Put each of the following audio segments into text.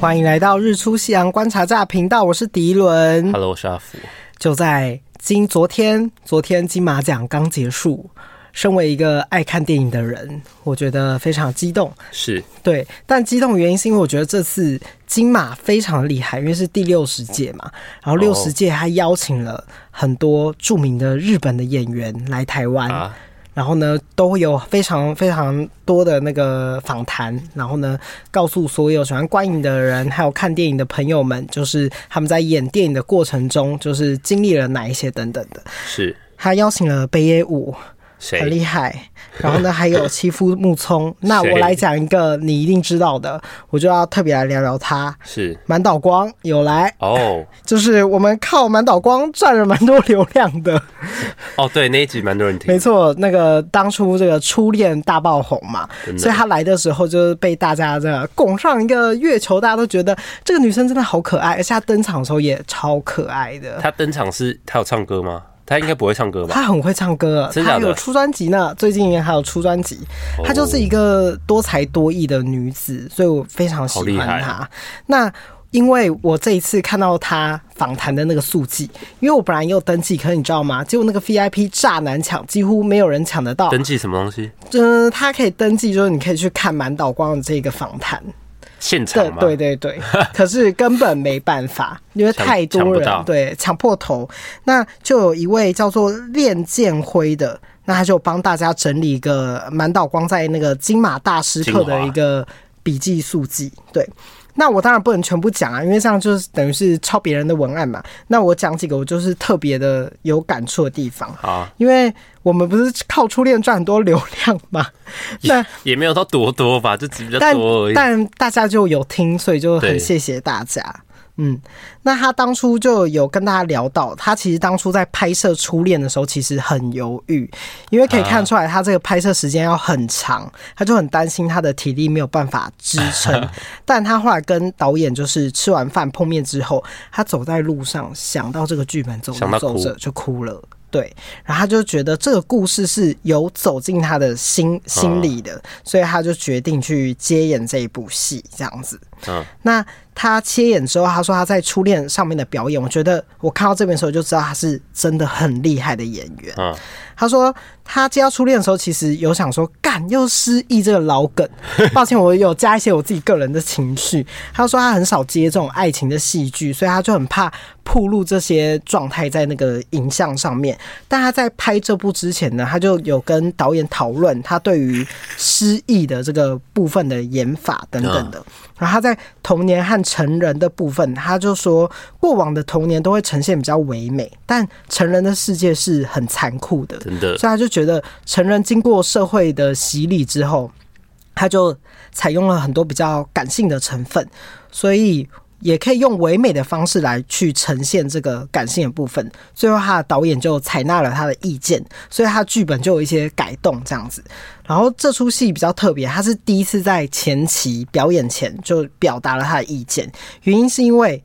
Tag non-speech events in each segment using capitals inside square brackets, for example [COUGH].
歡迎來到日出夕陽觀察站頻道，我是迪倫，Hello，我是阿福。就在今昨天，昨天金馬獎剛結束。身為一個愛看電影的人，我覺得非常激動。是對，但激動的原因是因為我覺得這次金馬非常厲害，因為是第六十屆嘛。然後六十屆他邀請了很多著名的日本的演員來台灣、哦啊，然後呢，都會有非常非常多的那個訪談，然後呢，告訴所有喜歡觀影的人，還有看電影的朋友們，就是他們在演電影的過程中，就是經歷了哪一些等等的。是他邀請了北野武。很厲害，然後呢，還有妻夫木聰。 [LAUGHS] 那我來講一個你一定知道的，我就要特別來聊聊他是。是滿島光有來哦、oh.，就是我們靠滿島光賺了蠻多流量的。哦，對，那一集蠻多人聽。沒錯，那個當初這個初戀大爆紅嘛，所以他來的時候就是被大家這樣拱上一個月球，大家都覺得這個女生真的好可愛，而且她登場的時候也超可愛的。她登場是她有唱歌嗎？她應該不會唱歌吧？她很會唱歌，她有出專輯呢。最近還有出專輯，她就是一個多才多藝的女子，oh, 所以我非常喜歡她。好厲害。那因為我這一次看到她訪談的那個速記，因為我本來也有登記，可是你知道嗎？結果那個 VIP 渣男搶，幾乎沒有人搶得到。登記什麼東西？嗯、呃，她可以登記，就是你可以去看滿島光的這個訪談。現場嗎？對，對對對， [LAUGHS] 可是根本沒辦法，因為太多人，對，搶破頭。那就有一位叫做練劍輝的，那他就幫大家整理一個滿島光在那個金馬大師課的一個筆記速記，對。那我當然不能全部講啊，因為這樣就是等於是抄別人的文案嘛。那我講幾個我就是特別的有感觸的地方啊，因為我們不是靠初戀賺很多流量嘛， [LAUGHS] 那也，也沒有到多多吧，就只比較多而已。但，但大家就有聽，所以就很謝謝大家。嗯，那他當初就有跟大家聊到，他其實當初在拍攝《初戀》的時候，其實很猶豫，因為可以看出來他這個拍攝時間要很長，啊、他就很擔心他的體力沒有辦法支撐、啊。但他後來跟導演就是吃完飯碰面之後，他走在路上想到這個劇本，走着走着就哭了，對，然後他就覺得這個故事是有走進他的心心裡的、啊，所以他就決定去接演這一部戲，這樣子。嗯，那他切演之後，他說他在初戀上面的表演，我覺得我看到這邊的時候就知道他是真的很厲害的演員。嗯，他說他接到初戀的時候，其實有想說幹又失憶這個老梗。抱歉，我有加一些我自己個人的情緒。他說他很少接這種愛情的戲劇，所以他就很怕暴露這些狀態在那個影像上面。但他在拍這部之前呢，他就有跟導演討論他對於失憶的這個部分的演法等等的。然後他在童年和成人的部分，他就說過往的童年都會呈現比較唯美，但成人的世界是很殘酷的。真的，所以他就覺得成人經過社會的洗禮之後，他就採用了很多比較感性的成分，所以。也可以用唯美的方式來去呈現這個感性的部分。最後，他的導演就採納了他的意見，所以他劇本就有一些改動這樣子。然後，這齣戲比較特別，他是第一次在前期表演前就表達了他的意見。原因是因為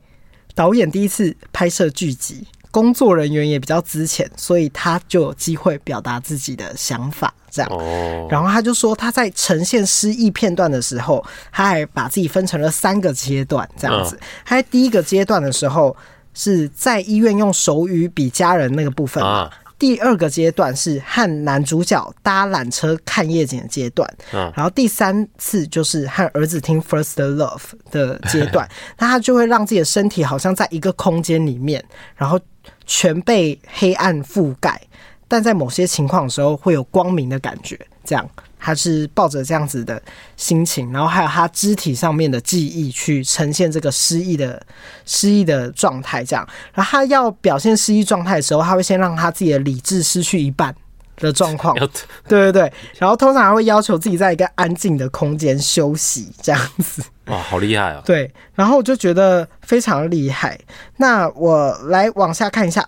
導演第一次拍攝劇集。工作人員也比較資淺，所以他就有機會表達自己的想法，這樣。Oh. 然後他就說，他在呈現失憶片段的時候，他還把自己分成了三個階段，這樣子。Oh. 他在第一個階段的時候，是在醫院用手語比家人那個部分，Oh. 啊第二個階段是和男主角搭纜車看夜景的階段，嗯，然後第三次就是和兒子聽 first love 的階段， [LAUGHS] 那他就會讓自己的身體好像在一個空間裡面，然後全被黑暗覆蓋，但在某些情況的時候會有光明的感覺，這樣。他是抱着這樣子的心情，然後還有他肢體上面的記憶去呈現這個失憶的失憶的狀態，這樣。然後他要表現失憶狀態的時候，他會先讓他自己的理智失去一半的狀況， [LAUGHS] 對對對。然後通常還會要求自己在一個安靜的空間休息，這樣子。哇，好厲害啊！對，然後我就覺得非常厲害。那我來往下看一下。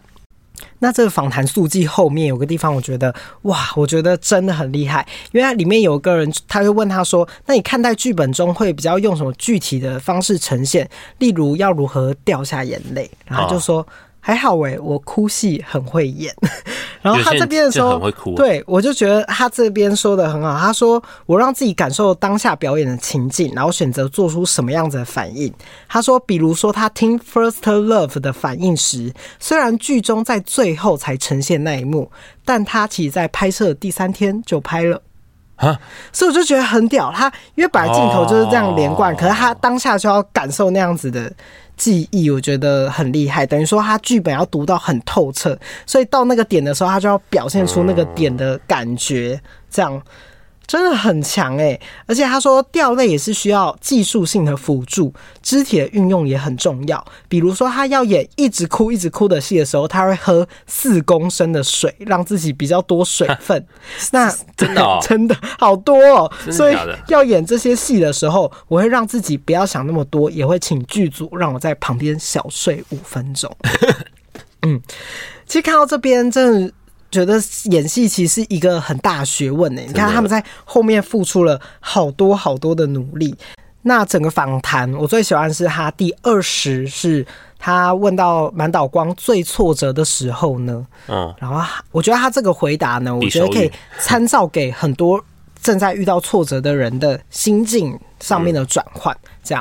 那這個訪談速記後面有個地方，我覺得哇，我覺得真的很厲害，因為它裡面有個人，他就問他說：“那你看待劇本中會比較用什麼具體的方式呈現？例如要如何掉下眼淚？”然後就說。啊還好喂、欸，我哭戲很會演。然後他這邊的時候，對我就覺得他這邊說的很好。他說：“我讓自己感受當下表演的情境，然後選擇做出什麼樣子的反應。”他說：“比如說他聽《First Love》的反應時，雖然劇中在最後才呈現那一幕，但他其實在拍攝的第三天就拍了啊！所以我就覺得很屌。他因為本來鏡頭就是這樣連貫，可是他當下就要感受那樣子的。”記憶我覺得很厲害，等於說他劇本要讀到很透徹，所以到那個點的時候，他就要表現出那個點的感覺，這樣。真的很強哎、欸，而且他說掉淚也是需要技術性的輔助，肢體的運用也很重要。比如說，他要演一直哭一直哭的戲的時候，他會喝四公升的水，讓自己比較多水分。那真的、哦、 [LAUGHS] 真的好多哦的的，所以要演這些戲的時候，我會讓自己不要想那麼多，也會請劇組讓我在旁邊小睡五分鐘。 [LAUGHS] 嗯，其實看到這邊，真的。覺得演戲其實是一個很大的學問呢，欸，你看他，他們在後面付出了好多好多的努力。那整個訪談，我最喜歡的是他第二十，是他問到滿島光最挫折的時候呢。嗯，然後我覺得他這個回答呢，我覺得可以參照給很多正在遇到挫折的人的心境上面的轉換，這樣。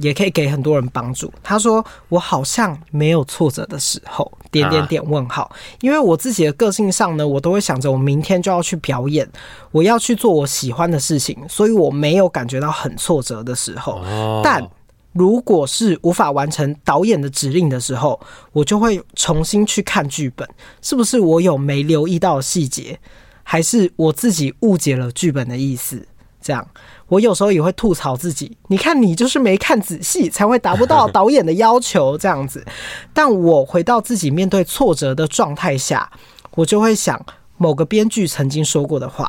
也可以給很多人幫助。他說：“我好像沒有挫折的時候，點點點問號，啊、因為我自己的個性上呢，我都會想着我明天就要去表演，我要去做我喜歡的事情，所以我沒有感覺到很挫折的時候。哦、但如果是無法完成導演的指令的時候，我就會重新去看劇本，是不是我有沒留意到細節，還是我自己誤解了劇本的意思。”這樣，我有時候也會吐槽自己。你看，你就是沒看仔細，才會達不到導演的要求這樣子。 [LAUGHS] 但我回到自己面對挫折的狀態下，我就會想某個編劇曾經說過的話：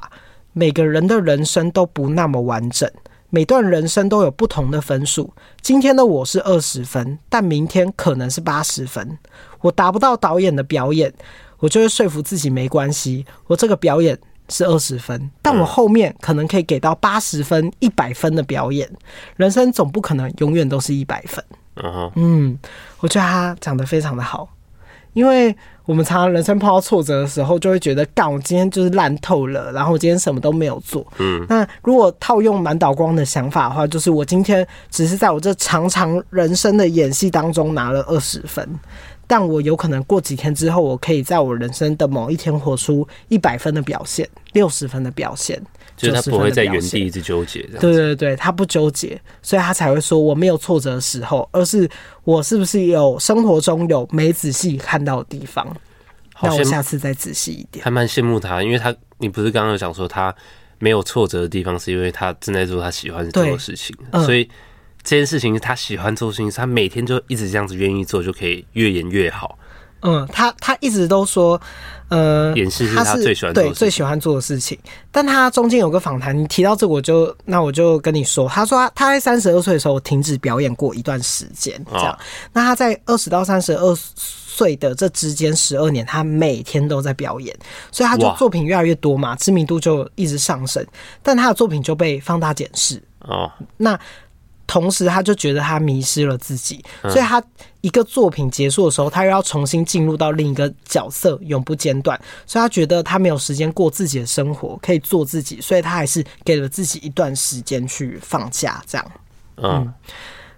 每個人的人生都不那麼完整，每段人生都有不同的分數。今天的我是二十分，但明天可能是八十分。我達不到導演的表演，我就會說服自己沒關係。我這個表演。是二十分，但我後面可能可以給到八十分、嗯、一百分的表演。人生總不可能永遠都是一百分、啊。嗯，我覺得他講得非常的好，因為我們常常人生碰到挫折的時候，就會覺得幹，我今天就是爛透了，然後我今天什麼都沒有做。嗯，那如果套用滿島光的想法的話，就是我今天只是在我這長長人生的演戲當中拿了二十分。但我有可能過幾天之後，我可以在我人生的某一天活出一百分的表現，六十分，分的表現，就是他不會在原地一直糾結，對，對對對，他不糾結，所以他才會說我沒有挫折的時候，而是我是不是有生活中有沒仔細看到的地方？那我下次再仔細一點。他還蠻羨慕他，因為他你不是剛剛有講說他沒有挫折的地方，是因為他正在做他喜歡做的事情，嗯、所以。這件事情，他喜歡做的事情，他每天就一直這樣子，願意做就可以越演越好。嗯，他他一直都說，呃，演戲是他最喜歡做最喜歡做的事情。但他中間有個訪談，你提到這，我就那我就跟你說，他說他，他在三十二歲的時候停止表演過一段時間，哦、這樣。那他在二十到三十二歲的這之間十二年，他每天都在表演，所以他就作品越來越多嘛，知名度就一直上升，但他的作品就被放大檢視哦。那同時，他就覺得他迷失了自己，所以他一個作品結束的時候，他又要重新進入到另一個角色，永不間斷。所以他覺得他沒有時間過自己的生活，可以做自己，所以他還是給了自己一段時間去放假。這樣，嗯。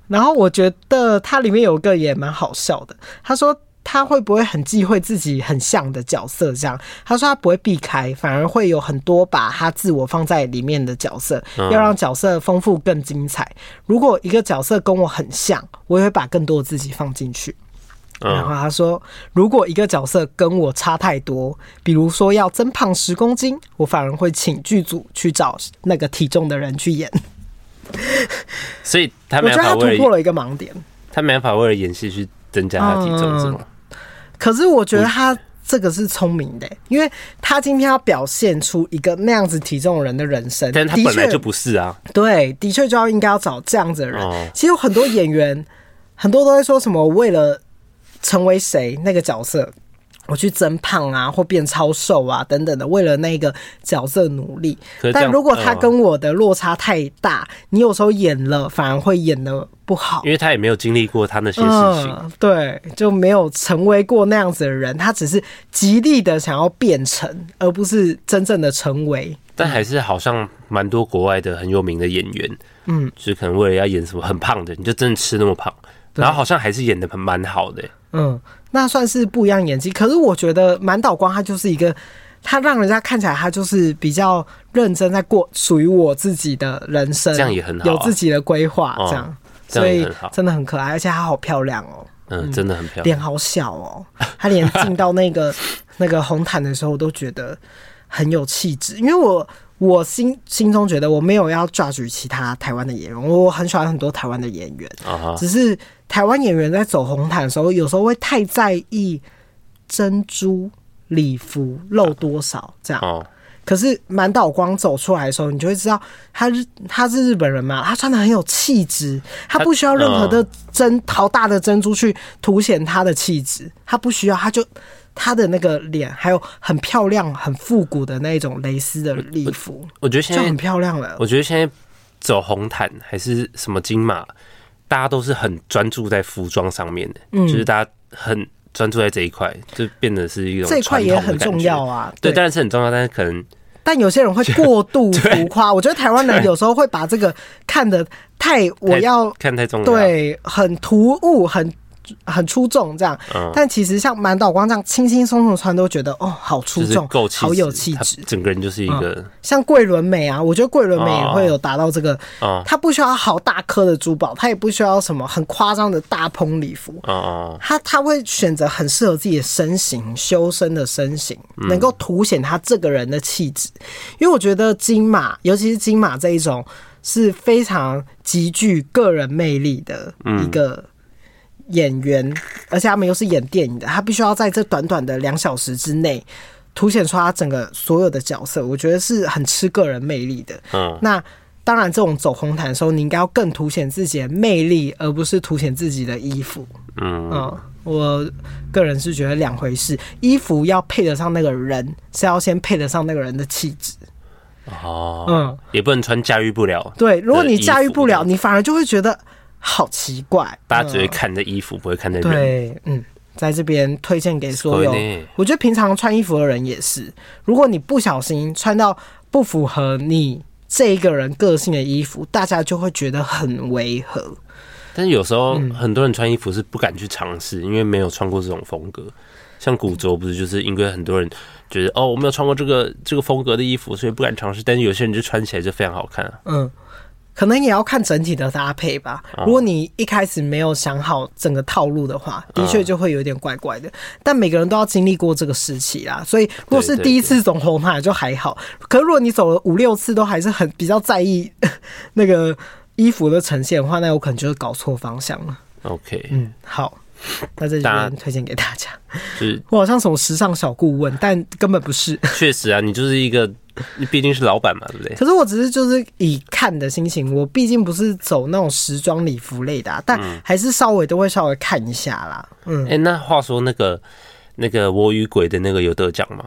然後我覺得他裡面有一個也蠻好笑的，他說。他會不會很忌諱自己很像的角色？這樣，他說他不會避開，反而會有很多把他自我放在裡面的角色，要讓角色豐富更精彩。如果一個角色跟我很像，我也會把更多的自己放進去。然後他說，如果一個角色跟我差太多，比如說要增胖十公斤，我反而會請劇組去找那個體重的人去演。所以，他我覺得他突破了一個盲點，他沒法為了演戲去。增加他體重是嗎、嗯？可是我覺得他這個是聰明的、欸，因為他今天要表現出一個那樣子體重的人的人生，但他本來就不是啊。的確，對，的確就應該要找這樣子的人。嗯、其實有很多演員，很多都會說什麼為了成為誰那個角色。我去增胖啊，或變超瘦啊，等等的，為了那個角色努力。但如果他跟我的落差太大，嗯、你有時候演了反而會演得不好，因為他也沒有經歷過他那些事情、嗯，對，就沒有成為過那樣子的人，他只是極力的想要變成，而不是真正的成為。但還是好像蠻多國外的很有名的演員，嗯，就可能為了要演什麼很胖的，你就真的吃那麼胖，然後好像還是演得蠻好的，嗯。那算是不一樣演技，可是我覺得滿島光他就是一個，他讓人家看起來他就是比較認真，在過屬於我自己的人生，這樣也很好，啊，有自己的規劃，嗯，這樣，所以真的很可愛，而且她好漂亮哦，喔，嗯，真的很漂亮，嗯，臉好小哦，喔，她連進到那個 [LAUGHS] 那個紅毯的時候我都覺得很有氣質，因為我。我心心中覺得我沒有要抓住其他台灣的演員，我很喜歡很多台灣的演員，uh -huh. 只是台灣演員在走紅毯的時候，有時候會太在意珍珠禮服露多少這樣。Uh -huh. 可是滿島光走出來的時候，你就會知道他，他他是日本人嘛，他穿的很有氣質，他不需要任何的珍好、uh -huh. 大的珍珠去凸顯他的氣質，他不需要，他就。他的那個臉，還有很漂亮，很複古的那種蕾絲的禮服，我覺得現在就很漂亮了。我覺得現在走紅毯還是什麼金馬，大家都是很專注在服裝上面的，嗯，就是大家很專注在這一塊，就變得是一種這塊也很重要啊。對，當然是很重要，但是可能，但有些人會過度浮誇。我覺得台灣人有時候會把這個看得太，我要看太重，對，很突兀，很。很出眾，這樣、嗯，但其實像滿島光這樣輕輕鬆鬆穿都覺得哦，好出眾，好有氣質，整個人就是一個、嗯、像桂綸鎂啊，我覺得桂綸鎂也會有達到這個、哦，他不需要好大顆的珠寶、哦，他也不需要什麼很誇張的大蓬禮服，哦、他他會選擇很適合自己的身形，修身的身形，嗯、能夠凸顯他這個人的氣質，因為我覺得金馬，尤其是金馬這一種是非常極具個人魅力的一個。嗯演員，而且他們又是演電影的，他必須要在這短短的兩小時之內，凸顯出他整個所有的角色。我覺得是很吃個人魅力的。嗯，那當然，這種走紅毯的時候，你應該要更凸顯自己的魅力，而不是凸顯自己的衣服。嗯，嗯，我個人是覺得兩回事，衣服要配得上那個人，是要先配得上那個人的氣質。哦，嗯，也不能穿駕馭不了。對，如果你駕馭不了，你反而就會覺得。好奇怪，大家只會看這衣服，不會看這人。對，嗯，在這邊推薦給所有所。我覺得平常穿衣服的人也是，如果你不小心穿到不符合你這個人個性的衣服，大家就會覺得很違和。但是有時候很多人穿衣服是不敢去嘗試，嗯，因為沒有穿過這種風格。像古着，不是就是因為很多人覺得哦，我沒有穿過這個這個風格的衣服，所以不敢嘗試。但是有些人就穿起來就非常好看，啊。嗯。可能也要看整體的搭配吧、啊。如果你一開始沒有想好整個套路的話，的確就會有點怪怪的。啊、但每個人都要經歷過這個時期啦，所以如果是第一次走紅毯就還好。對對對，可如果你走了五六次都還是很比較在意那個衣服的呈現的話，那我可能就是搞錯方向了。OK，嗯，好。那這裡推薦給大家，是我好像什麼時尚小顧問，但根本不是。確實啊，你就是一個，你畢竟是老板嘛，對不對？可是我只是就是以看的心情，我畢竟不是走那種時裝禮服類的，啊，但還是稍微都會稍微看一下啦。嗯，哎，那話說那個那個《我與鬼》的那個有得獎嗎？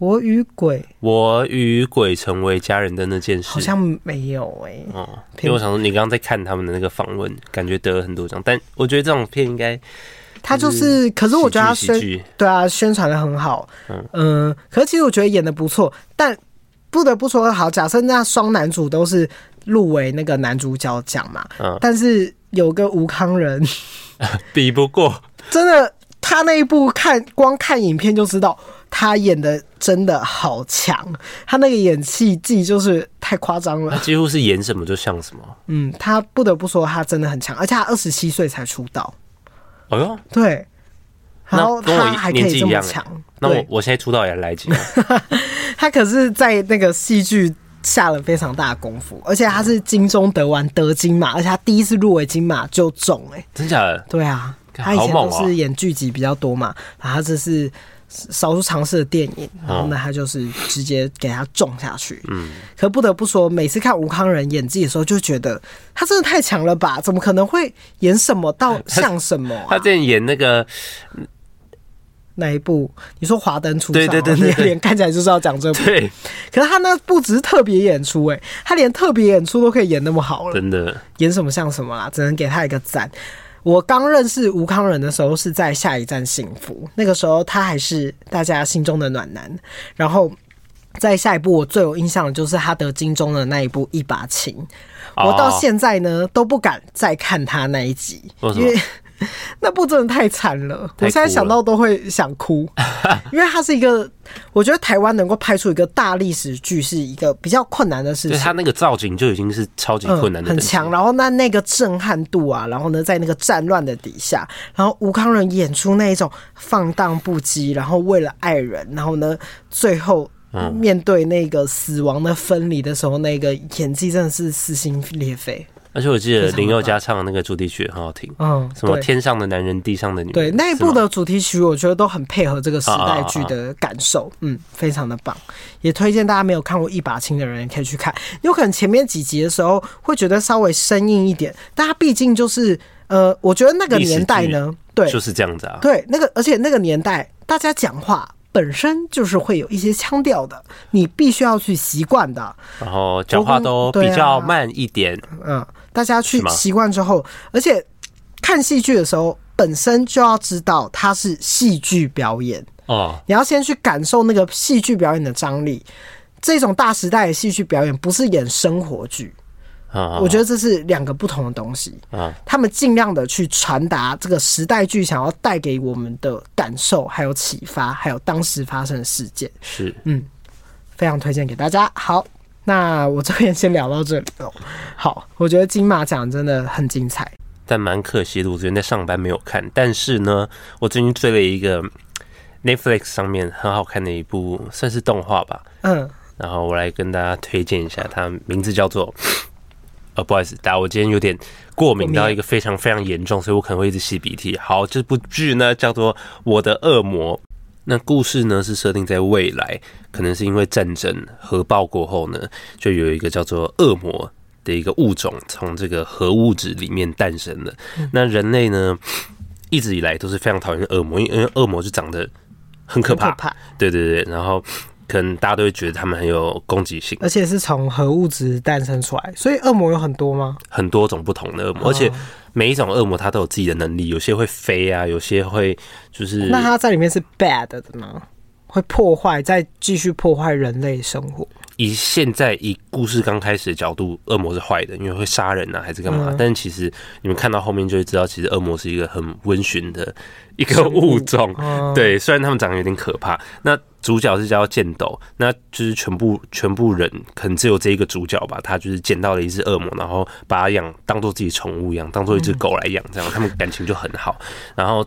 我與鬼，我與鬼成為家人的那件事好像沒有誒、欸。哦、嗯，因為我想說，你剛剛在看他們的那個訪問，感覺得了很多獎，但我覺得這種片應該、嗯，他就是，可是我覺得他宣對啊，宣傳得很好。嗯，呃、可是其實我覺得演得不錯，但不得不說好。假設那雙男主都是入圍那個男主角獎嘛、嗯，但是有個吳慷仁比不過， [LAUGHS] 真的，他那一部看光看影片就知道。他演的真的好強，他那個演戲技就是太誇張了。他幾乎是演什麼就像什麼。嗯，他不得不說他真的很強，而且他二十七歲才出道。哎、哦、呦，對。然後一，還可以這麼強，那我我,、欸、那我現在出道也來及。 [LAUGHS] 他可是在那個戲劇下了非常大的功夫，而且他是金鐘得完得金馬，而且他第一次入圍金馬就中哎、欸，真假的？對啊，他以前都是演劇集比較多嘛，他這是。少數嘗試的電影，然後呢，他就是直接給他種下去。嗯，可不得不說，每次看吳慷仁演技的時候，就覺得他真的太強了吧？怎麼可能會演什麼到像什麼？啊？他最近演那個那一部，你說華燈初上，他臉看起來就是要講這部對對對。對，可是他呢不只是特別演出，欸，哎，他連特別演出都可以演那麼好了，真的，演什麼像什麼了，啊，只能給他一個讚。我剛認識吳慷仁的時候是在《下一站幸福》，那個時候他還是大家心中的暖男。然後在下一部我最有印象的就是他得金鐘的那一部《一把青》oh.，我到現在呢都不敢再看他那一集，為什麼？因為。那部真的太慘了，我現在想到都會想哭，哭 [LAUGHS] 因為它是一個，我覺得台灣能夠拍出一個大歷史劇是一個比較困難的事情。就是、他那個造景就已經是超級困難的、嗯，很強。然後那那個震撼度啊，然後呢，在那個戰亂的底下，然後吳慷仁演出那一種放蕩不羈，然後為了愛人，然後呢，最後面對那個死亡的分離的時候、嗯，那個演技真的是撕心裂肺。而且我記得林宥嘉唱的那個主題曲也很好聽，嗯，什麼天上的男人、地上的女人，對那一部的主題曲，我覺得都很配合這個時代劇的感受啊啊啊啊啊，嗯，非常的棒。也推薦大家沒有看過《一把青》的人可以去看，有可能前面幾集的時候會覺得稍微生硬一點，但畢竟就是呃，我覺得那個年代呢，對，就是這樣子啊，對，那個而且那個年代大家講話本身就是會有一些腔調的，你必須要去習慣的，然後講話都比較慢一點，啊、嗯。嗯大家去習慣之後，而且看戲劇的時候，本身就要知道它是戲劇表演哦。你要先去感受那個戲劇表演的張力，這種大時代的戲劇表演不是演生活劇。我覺得這是兩個不同的東西。他們儘量的去傳達這個時代劇想要帶給我們的感受，還有啟發，還有當時發生的事件。是，嗯，非常推薦給大家。好。那我這邊先聊到這裡哦，好，我覺得金馬獎真的很精彩，但蠻可惜的，我昨天在上班沒有看。但是呢，我最近追了一個 Netflix 上面很好看的一部，算是動畫吧。嗯，然後我來跟大家推薦一下，嗯、它名字叫做……呃、哦，不好意思，大家我今天有點過敏到一個非常非常嚴重，所以我可能會一直吸鼻涕。好，這部劇呢叫做《我的惡魔》。那故事呢是設定在未來，可能是因為戰爭核爆過後呢，就有一個叫做惡魔的一個物種從這個核物質裡面誕生的、嗯。那人類呢一直以來都是非常討厭惡魔，因為惡魔就長得很可怕、很可怕，對對對，然後可能大家都會覺得他們很有攻擊性，而且是從核物質誕生出來，所以惡魔有很多嗎？很多種不同的惡魔、哦，而且。每一種惡魔，它都有自己的能力，有些會飛啊，有些會就是……那它在裡面是 bad 的嗎？會破壞，再繼續破壞人類生活。以現在以故事剛開始的角度，惡魔是壞的，因為會殺人啊還是幹嘛？嗯、但是其實你們看到後面就會知道，其實惡魔是一個很溫馴的一個物種、生物啊。對，雖然他們長得有點可怕。那主角是叫劍斗，那就是全部全部人可能只有這一個主角吧。他就是撿到了一隻惡魔，然後把它養當做自己寵物一樣，當做一隻狗來養，這樣、嗯、他們感情就很好。然後。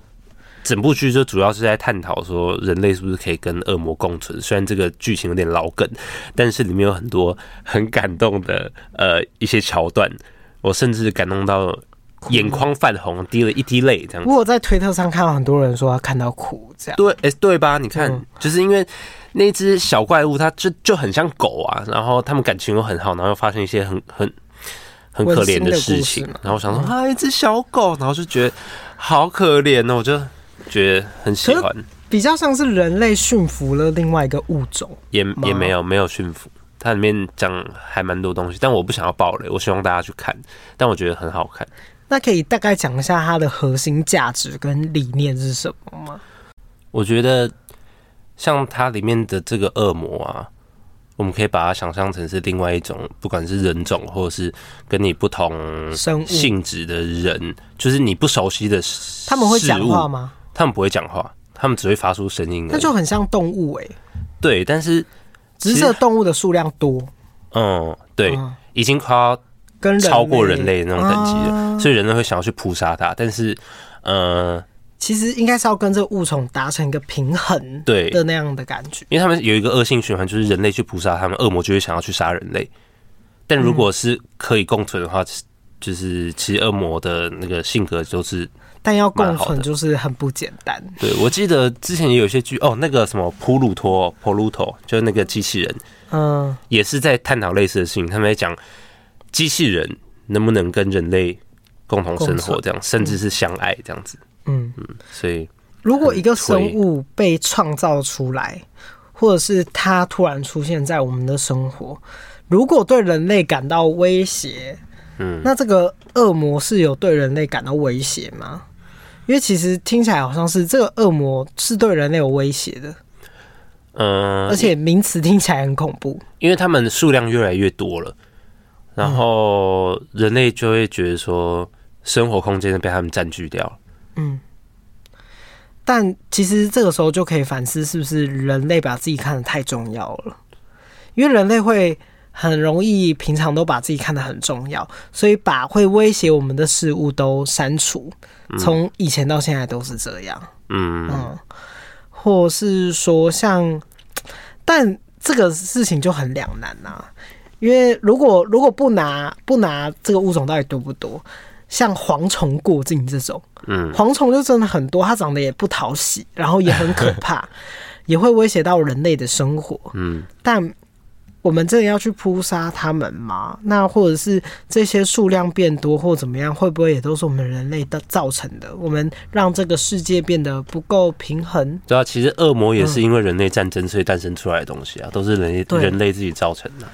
整部劇就主要是在探討說，人類是不是可以跟惡魔共存？雖然這個劇情有點老梗，但是裡面有很多很感動的呃一些橋段，我甚至感動到眼眶泛紅，了滴了一滴淚。這樣，如果我在推特上看到很多人說他看到哭，這樣。對，哎、欸，對吧？你看，就是因為那只小怪物，它就就很像狗啊，然後他們感情又很好，然後又發生一些很很很可憐的事情的事，然後我想說啊，一只小狗，然後就覺得好可憐哦、喔，我就。覺得很喜歡，比較像是人類馴服了另外一個物種，也也沒有沒有馴服。它裡面講還蠻多東西，但我不想要爆雷，我希望大家去看。但我覺得很好看。那可以大概講一下它的核心價值跟理念是什麼嗎？我覺得像它裡面的這個惡魔啊，我們可以把它想象成是另外一種，不管是人種或者是跟你不同生物性質的人，就是你不熟悉的事，他們會講話嗎？他們不會講話，他們只會發出聲音。那就很像動物哎、欸。對，但是只是這動物的數量多。嗯，對，嗯、已經快要跟超過人類的那種等級了、啊，所以人類會想要去撲殺它。但是，呃，其實應該是要跟這個物種達成一個平衡，對的那樣的感覺。因為他們有一個惡性循環，就是人類去撲殺他們，惡魔就會想要去殺人類。但如果是可以共存的話，嗯、就是其實惡魔的那個性格就是。但要共存就是很不簡單。對，我記得之前也有一些劇哦，那個什麼普魯托普魯托，就是那個機器人，嗯，也是在探討類似的事情。他們在講機器人能不能跟人類共同生活，這樣甚至是相愛這樣子。嗯嗯，所以如果一個生物被創造出來，或者是它突然出現在我們的生活，如果對人類感到威脅，嗯，那這個惡魔是有對人類感到威脅嗎？因為其實聽起來好像是這個惡魔是對人類有威脅的，嗯、呃，而且名詞聽起來很恐怖。因為他們數量越來越多了，然後人類就會覺得說，生活空間被他們占據掉了、嗯。嗯，但其實這個時候就可以反思，是不是人類把自己看得太重要了？因為人類會。很容易，平常都把自己看得很重要，所以把會威脅我們的事物都刪除。從以前到現在都是這樣。嗯，嗯，或是說像，但這個事情就很兩難啦、啊，因為如果如果不拿不拿這個物種到底多不多，像蝗蟲過境這種，蝗蟲就真的很多，它長得也不討喜，然後也很可怕， [LAUGHS] 也會威脅到人類的生活。嗯，但。我們真的要去撲殺他們嗎？那或者是這些數量變多或怎麼樣，會不會也都是我們人類的造成的？我們讓這個世界變得不夠平衡。對啊，其實惡魔也是因為人類戰爭所以誕生出來的東西啊，嗯、都是人類人類自己造成的。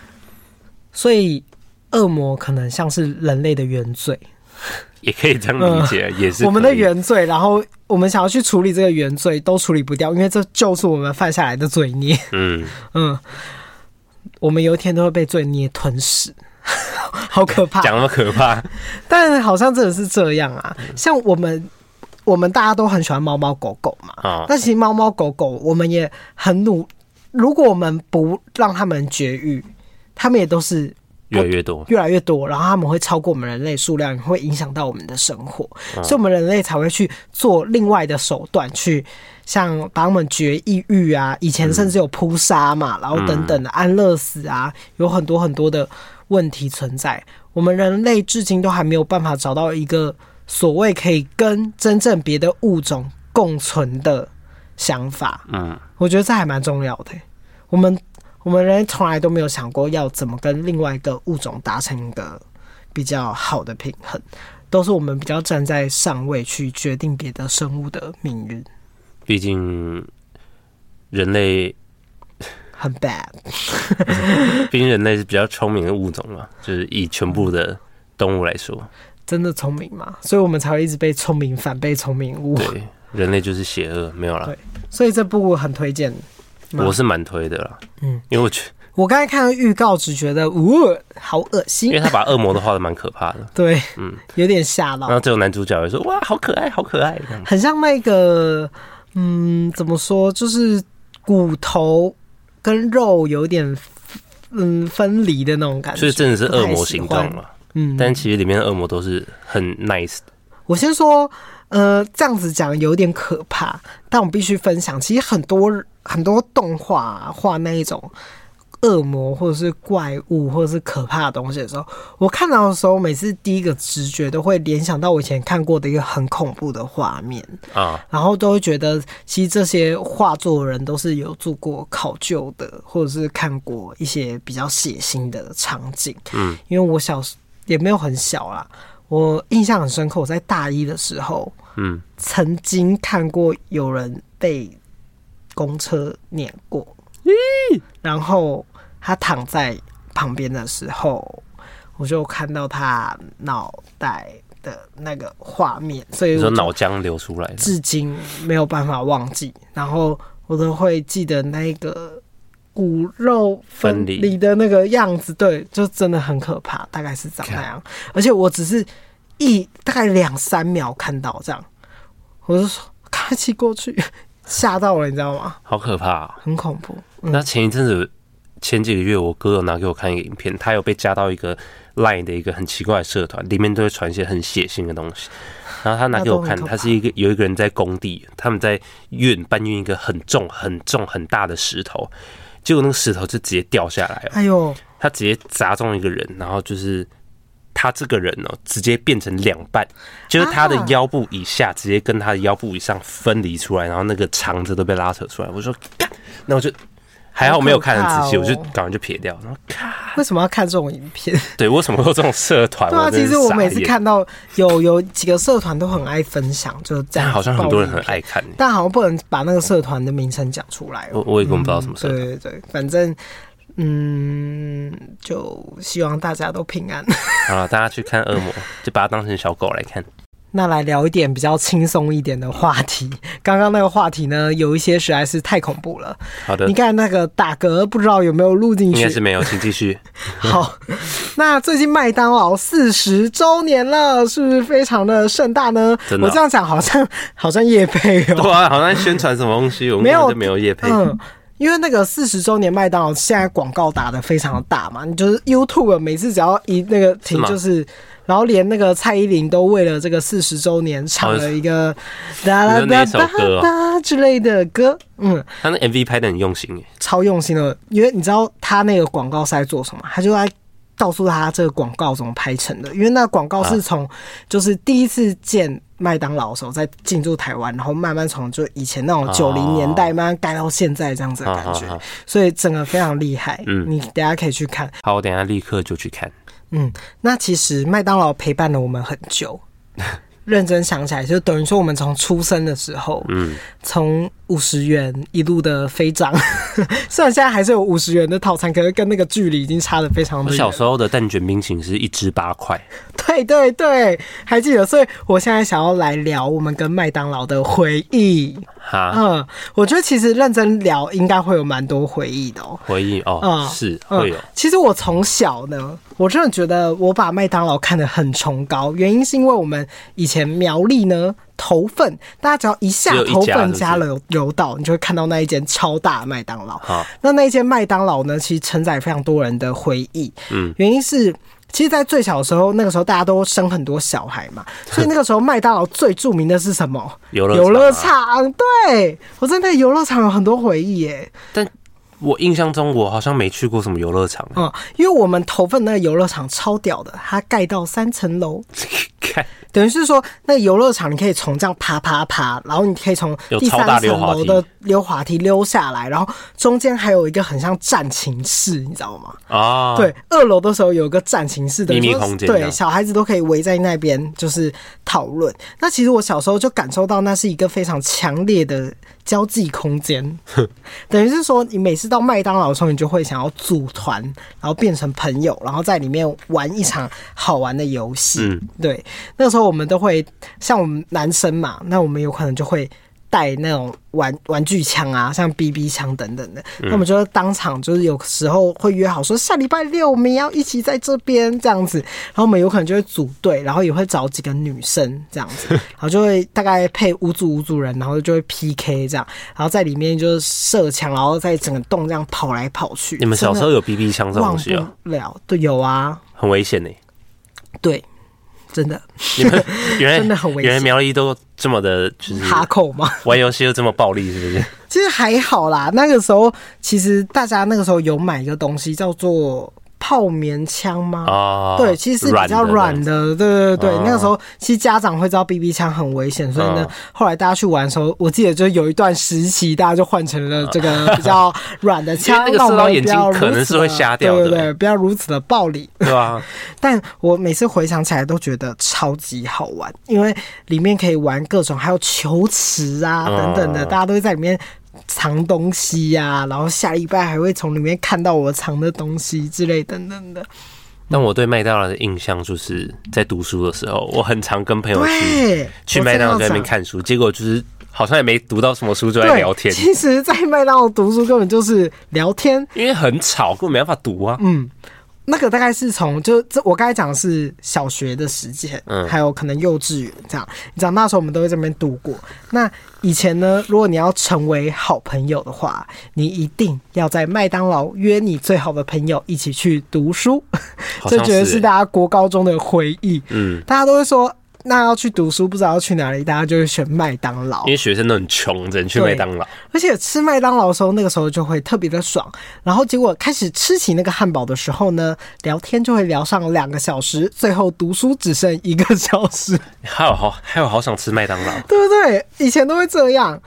所以，惡魔可能像是人類的原罪， [LAUGHS] 也可以這樣理解、嗯，也是我們的原罪。然後，我們想要去處理這個原罪，都處理不掉，因為這就是我們犯下來的罪孽。嗯嗯。我們有一天都會被罪孽吞噬，好可怕、啊！講那麼可怕 [LAUGHS] ，但好像真的是這樣啊。像我們，我們大家都很喜歡貓貓狗狗嘛。啊、哦，但其實貓貓狗狗我們也很努，如果我們不讓他們絕育，他們也都是越來越多，越來越多，然後他們會超過我們人類數量，會影響到我們的生活，哦、所以我們人類才會去做另外的手段去。像把我們絕育啊，以前甚至有撲殺嘛、嗯，然後等等的安樂死啊，有很多很多的問題存在。我們人類至今都還沒有辦法找到一個所謂可以跟真正別的物種共存的想法。嗯，我覺得這還蠻重要的、欸。我們我們人從來都沒有想過要怎麼跟另外一個物種達成一個比較好的平衡，都是我們比較站在上位去決定別的生物的命運。畢竟人類很 bad，畢 [LAUGHS] 竟人類是比較聰明的物種嘛，就是以全部的動物來說，真的聰明嘛，所以我們才會一直被聰明反被聰明誤。對，人類就是邪惡，沒有啦。對，所以這部我很推薦。我是蠻推的啦，嗯，因為我去，我剛才看了預告只覺得，嗚，好噁心，因為他把惡魔都畫的蠻可怕的，對，嗯，有點嚇到。然後最後男主角也說，哇，好可愛，好可愛，很像那個。嗯，怎麼說？就是骨頭跟肉有點分嗯分離的那種感覺，所以真的是惡魔行動嘛。嗯，但其實裡面的惡魔都是很 nice。我先說，呃，這樣子講有點可怕，但我們必須分享。其實很多很多動畫畫、啊、那一種。惡魔，或者是怪物，或者是可怕的東西的時候，我看到的時候，每次第一個直覺都會聯想到我以前看過的一個很恐怖的畫面啊，然後都會覺得，其實這些畫作的人都是有做過考究的，或者是看過一些比較血腥的場景。嗯，因為我小時也沒有很小啦，我印象很深刻。我在大一的時候，嗯，曾經看過有人被公車碾過。咦，然後他躺在旁邊的時候，我就看到他腦袋的那個畫面，所以腦漿流出來，至今沒有辦法忘記。然後我都會記得那個骨肉分離的那個樣子，對，就真的很可怕，大概是長那樣。而且我只是一大概兩三秒看到這樣，我就說開啟過去，嚇到了，你知道嗎？好可怕，很恐怖。那前一陣子，前幾個月，我哥有拿給我看一個影片，他有被加到一個 Line 的一個很奇怪的社團，裡面都會傳一些很血腥的東西。然後他拿給我看，他是一個有一個人在工地，他們在運搬運一個很重、很重、很大的石頭，結果那個石頭就直接掉下來了。哎呦！他直接砸中一個人，然後就是他這個人呢、喔，直接變成兩半，就是他的腰部以下直接跟他的腰部以上分離出來，然後那個腸子都被拉扯出來。我說：“那我就。”還好我沒有看得仔細，很仔細、喔，我就趕緊就撇掉。然後，為什麼要看這種影片？對，為什麼會有這種社團？ [LAUGHS] 對啊，其實我每次看到 [LAUGHS] 有有幾個社團都很愛分享，就這樣。好像很多人很愛看，但好像不能把那個社團的名稱講出來。我我也根本不知道什麼社團。嗯，對對對，反正嗯，就希望大家都平安。 [LAUGHS] 好了，大家去看惡魔，就把它當成小狗來看。那來聊一點比較輕鬆一點的話題。剛剛那個話題呢，有一些實在是太恐怖了。好的，你看那個打嗝，不知道有沒有錄進去？應該是沒有，請繼續。 [LAUGHS] 好，那最近麥當勞四十周年了，是不是非常的盛大呢？真的，我這樣講好像好像業配，對，好像，好像、喔啊、好像宣傳什麼東西，我們就沒有業沒有業配。嗯因為那個四十周年麥當勞現在廣告打得非常的大嘛，你就是 YouTube 每次只要一那個停就是，是然後連那個蔡依林都為了這個四十周年唱了一個噠啦噠噠噠，噠噠噠之類的歌，嗯，他那 MV 拍的很用心耶，超用心的，因為你知道他那個廣告是在做什麼，他就在。告訴他這個廣告怎麼拍成的，因為那廣告是從就是第一次見麥當勞的時候在進駐台灣，啊、然後慢慢從就以前那種九零年代慢慢改到現在這樣子的感覺、啊啊啊啊啊，所以整個非常厲害。嗯，你等下可以去看。好，我等一下立刻就去看。嗯，那其實麥當勞陪伴了我們很久。 [LAUGHS] 認真想起來，就等於說我們從出生的時候，從五十元一路的飛漲。雖然現在還是有五十元的套餐，可是跟那個距離已經差的非常多。小時候的蛋卷冰淇淋是一支八塊，對對對，還記得。所以我現在想要來聊我們跟麥當勞的回憶。哈嗯，我覺得其實認真聊應該會有蠻多回憶的哦、喔，回憶哦，嗯，是會有、嗯。其實我從小呢，我真的覺得我把麥當勞看得很崇高，原因是因為我們以前苗栗呢頭份，大家只要一下頭份交流道有是是，你就會看到那一間超大的麥當勞。好，那那一間麥當勞呢，其實承載非常多人的回憶。嗯，原因是。其實，在最小的時候，那個時候大家都生很多小孩嘛，所以那個時候麥當勞最著名的是什麼？遊樂場，啊，遊樂場。對，我真的對遊樂場有很多回憶耶。但我印象中，我好像沒去過什麼遊樂場。嗯，因為我們頭份那個遊樂場超屌的，它蓋到三層樓。 [LAUGHS] [LAUGHS] 等於是說，那遊樂場你可以從這樣爬爬爬，然後你可以從第三層樓的溜滑梯溜下來，然後中間還有一個很像戰情室，你知道嗎？啊、oh.，對，二樓的時候有一個戰情室的秘密空間，對，小孩子都可以圍在那邊就是討論。那其實我小時候就感受到，那是一個非常強烈的交際空間。 [LAUGHS] 等於是說，你每次到麥當勞的時候，你就會想要組團，然後變成朋友，然後在裡面玩一場好玩的遊戲、嗯。對。那時候我們都會像我們男生嘛，那我們有可能就會帶那種玩玩具槍啊，像 BB 槍等等的。那我們就會當場就是有時候會約好說，嗯、下禮拜六我們要一起在這邊這樣子。然後我們有可能就會組隊，然後也會找幾個女生這樣子，然後就會大概配五組五組人，然後就會 PK 這樣，然後在裡面就是射槍，然後在整個洞這樣跑來跑去。你們小時候有 BB 槍這種東西啊？了，對，有啊，很危險呢、欸。對。真的，你們原來 [LAUGHS] 原來苗一都這麼的，就是 Hardcore 嗎？玩遊戲又這麼暴力，是不是？ [LAUGHS] 其實還好啦，那個時候其實大家那個時候有買一個東西叫做。泡棉槍嗎？Oh, 對，其實是比較軟的。軟的對對對，對、oh, 那個時候其實家長會知道 BB 槍很危險，所以呢，oh，後來大家去玩的時候，我記得就有一段時期大家就換成了這個比較軟的槍，oh。 [LAUGHS] 那我們不然眼睛可能是會瞎掉的欸。對，對對，不要如此的暴力。對啊，但我每次回想起來都覺得超級好玩，因為裡面可以玩各種，還有球池啊等等的，oh。大家都會在裡面藏東西呀、啊，然後下禮拜還會從裡面看到我藏的東西之類等等的。那我對麥當勞的印象就是在讀書的時候，我很常跟朋友去去麥當勞在那邊看書，結果就是好像也沒讀到什麼書，就在聊天。其實，在麥當勞讀書根本就是聊天，因為很吵，根本沒辦法讀啊。嗯。那個大概是從就這我剛才講的是小學的時間，嗯，還有可能幼稚園這樣。你知道那時候我們都在這邊讀過。那以前呢，如果你要成為好朋友的話，你一定要在麥當勞約你最好的朋友一起去讀書，這絕對是大家國高中的回憶。嗯，大家都會說。那要去讀書，不知道要去哪裡，大家就會選麥當勞，因為學生都很窮，只能去麥當勞。而且吃麥當勞的時候，那個時候就會特別的爽。然後結果開始吃起那個漢堡的時候呢，聊天就會聊上兩個小時，最後讀書只剩一個小時。還有好，還有好想吃麥當勞，對不對？以前都會這樣。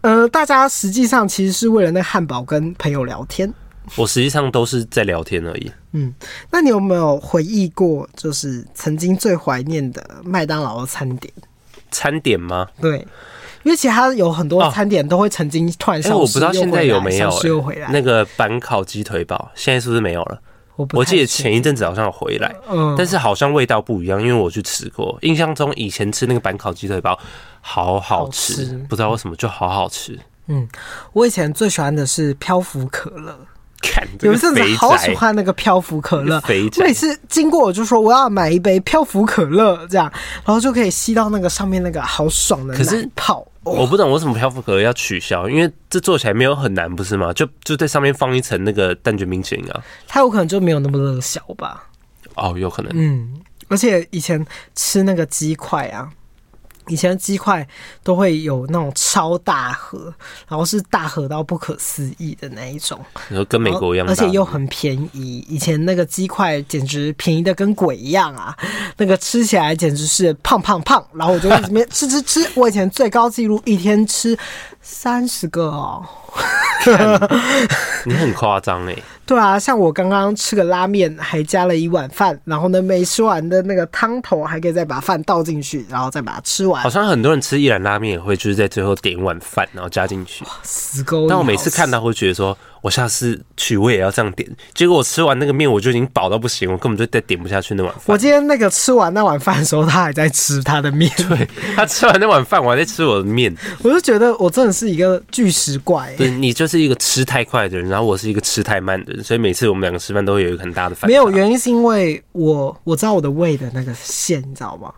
呃，大家實際上其實是為了那漢堡跟朋友聊天。我實際上都是在聊天而已。嗯，那你有沒有回憶過，就是曾經最懷念的麥當勞的餐點？餐點嗎？對，因為其他有很多餐點都會曾經突然消失，欸、我不知道現在有沒有，欸。那個板烤雞腿堡現在是不是沒有了？我，我記得前一陣子好像有回來，嗯，但是好像味道不一樣，因為我去吃過。印象中以前吃那個板烤雞腿堡好好吃，好吃，不知道為什麼就好好吃。嗯，我以前最喜歡的是漂浮可樂。有一陣子好喜歡那個漂浮可樂，每次經過我就說，我要買一杯漂浮可樂，這樣，然後就可以吸到那個上面那個好爽的奶泡。可是我不懂為什麼漂浮可樂要取消，因為這做起來沒有很難不是嗎？就就在上面放一層那個蛋卷冰淇淋啊。它有可能就沒有那麼熱銷吧？哦，有可能。嗯，而且以前吃那個雞塊啊。以前的雞塊都會有那種超大盒，然後是大盒到不可思議的那一種，然後跟美國一樣，而且又很便宜。以前那個雞塊簡直便宜的跟鬼一樣啊！那個吃起來簡直是胖胖胖，然後我就在裡面吃吃吃。 [LAUGHS] 我以前最高紀錄一天吃。三十個哦、喔， [LAUGHS] [LAUGHS] 你很誇張哎！對啊，像我剛剛吃個拉麵，還加了一碗飯，然後呢，沒吃完的那個湯頭還可以再把飯倒進去，然後再把它吃完。好像很多人吃一蘭拉麵也會就是在最後點一碗飯，然後加進去。哇，死狗！但我每次看到會覺得說。我下次去，我也要這樣點。結果我吃完那個麵，我就已經飽到不行，我根本就再點不下去那碗飯。我今天那個吃完那碗飯的時候，他還在吃他的面，對他吃完那碗飯，我還在吃我的面， [LAUGHS] 我就覺得我真的是一個巨食怪。對，你就是一個吃太快的人，然後我是一個吃太慢的人，所以每次我們兩個吃飯都會有一個很大的反應。沒有原因是因為我我知道我的胃的那個線，你知道嗎？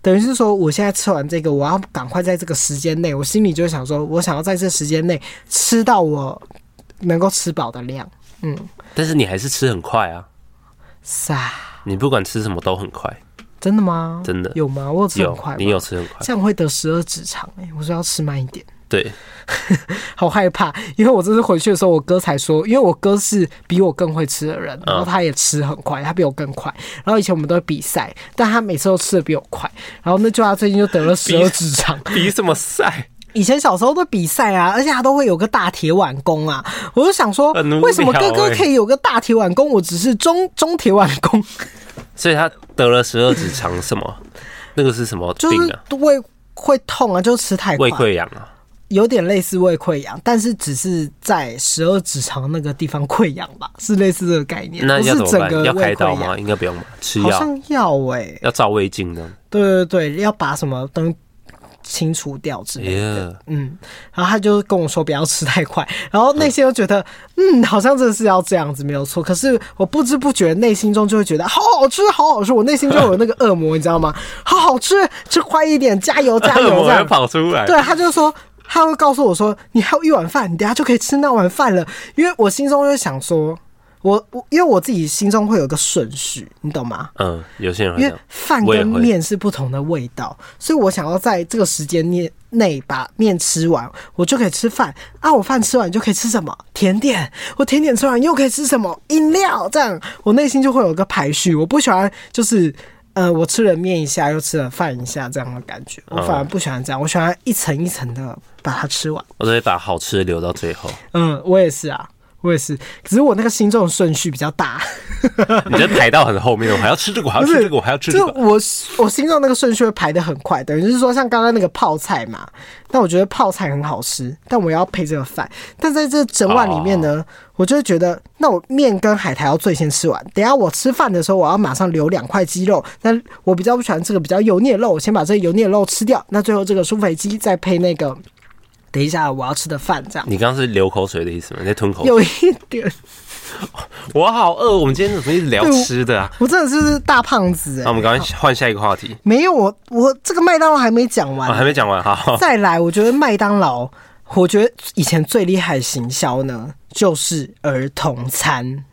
等於是說我現在吃完這個，我要趕快在這個時間內，我心裡就想說，我想要在這個時間內吃到我。能夠吃飽的量，嗯，但是你還是吃很快啊，是啊，你不管吃什麼都很快，真的嗎？真的有嗎？我有吃很快，你有吃很快，這樣會得十二指腸哎、欸，我說要吃慢一點，對， [LAUGHS] 好害怕，因為我這次回去的時候，我哥才說，因為我哥是比我更會吃的人，然後他也吃很快，他比我更快，然後以前我們都會比賽，但他每次都吃得比我快，然後那就他最近就得了十二指腸，比什麼賽？以前小時候的比賽啊，而且他都會有個大鐵碗公啊，我就想說，為什麼哥哥可以有個大鐵碗公，欸，我只是中中鐵碗公。所以他得了十二指腸什麼？ [LAUGHS] 那個是什麼病啊？就是，胃會痛啊，就吃太多。胃潰瘍啊，有點類似胃潰瘍，但是只是在十二指腸那個地方潰瘍吧，是類似這個概念。那要怎麼辦？不是整個胃潰瘍。要開刀嗎？應該不用吧，吃藥。好像要哎，欸，要照胃鏡這樣。對對對，要把什麼等於。清除掉之類的，yeah. 嗯，然後他就跟我說不要吃太快，然後內心又覺得嗯，嗯，好像真的是要這樣子，沒有錯。可是我不知不覺內心中就會覺得好好吃，好好吃，我內心就有那個惡魔， [LAUGHS] 你知道嗎？好好吃，吃快一點，加油，加油，這樣跑出來。對，他就說，他會告訴我說，你還有一碗飯，你等下就可以吃那碗飯了。因為我心中就想說。我我因為我自己心中會有個順序，你懂嗎？嗯，有些人因為飯跟麵是不同的味道，所以我想要在這個時間內內把麵吃完，我就可以吃飯啊。我飯吃完就可以吃什麼甜點？我甜點吃完又可以吃什麼飲料？這樣，我內心就會有一個排序。我不喜歡就是呃，我吃了麵一下，又吃了飯一下這樣的感覺。我反而不喜歡這樣，嗯，我喜歡一層一層的把它吃完。我都會把好吃的留到最後。嗯，我也是啊。我也是，只是我那個心中的順序比較大，你覺得排到很後面，我還要吃這個， [LAUGHS] 還這個、我還要吃這個，我還要吃。我我心中那個順序會排得很快的，等於就是說，像剛剛那個泡菜嘛，但我覺得泡菜很好吃，但我要配這個飯。但在這整碗裡面呢，oh. 我就覺得，那我麵跟海苔要最先吃完。等一下我吃飯的時候，我要馬上留兩塊雞肉。那我比較不喜歡這個比較油膩的肉，我先把這個油膩的肉吃掉。那最後這個舒肥雞再配那個。等一下，我要吃的飯這樣。你剛剛是流口水的意思嗎？你在吞口水。有一點。我好餓。我們今天怎麼一直聊吃的啊？我，我真的是大胖子、欸。那、嗯啊、我們趕快換下一個話題。沒有我，我這個麥當勞還沒講完、欸啊，還沒講完。好，再來。我覺得麥當勞，我覺得以前最厲害的行銷呢，就是兒童餐。.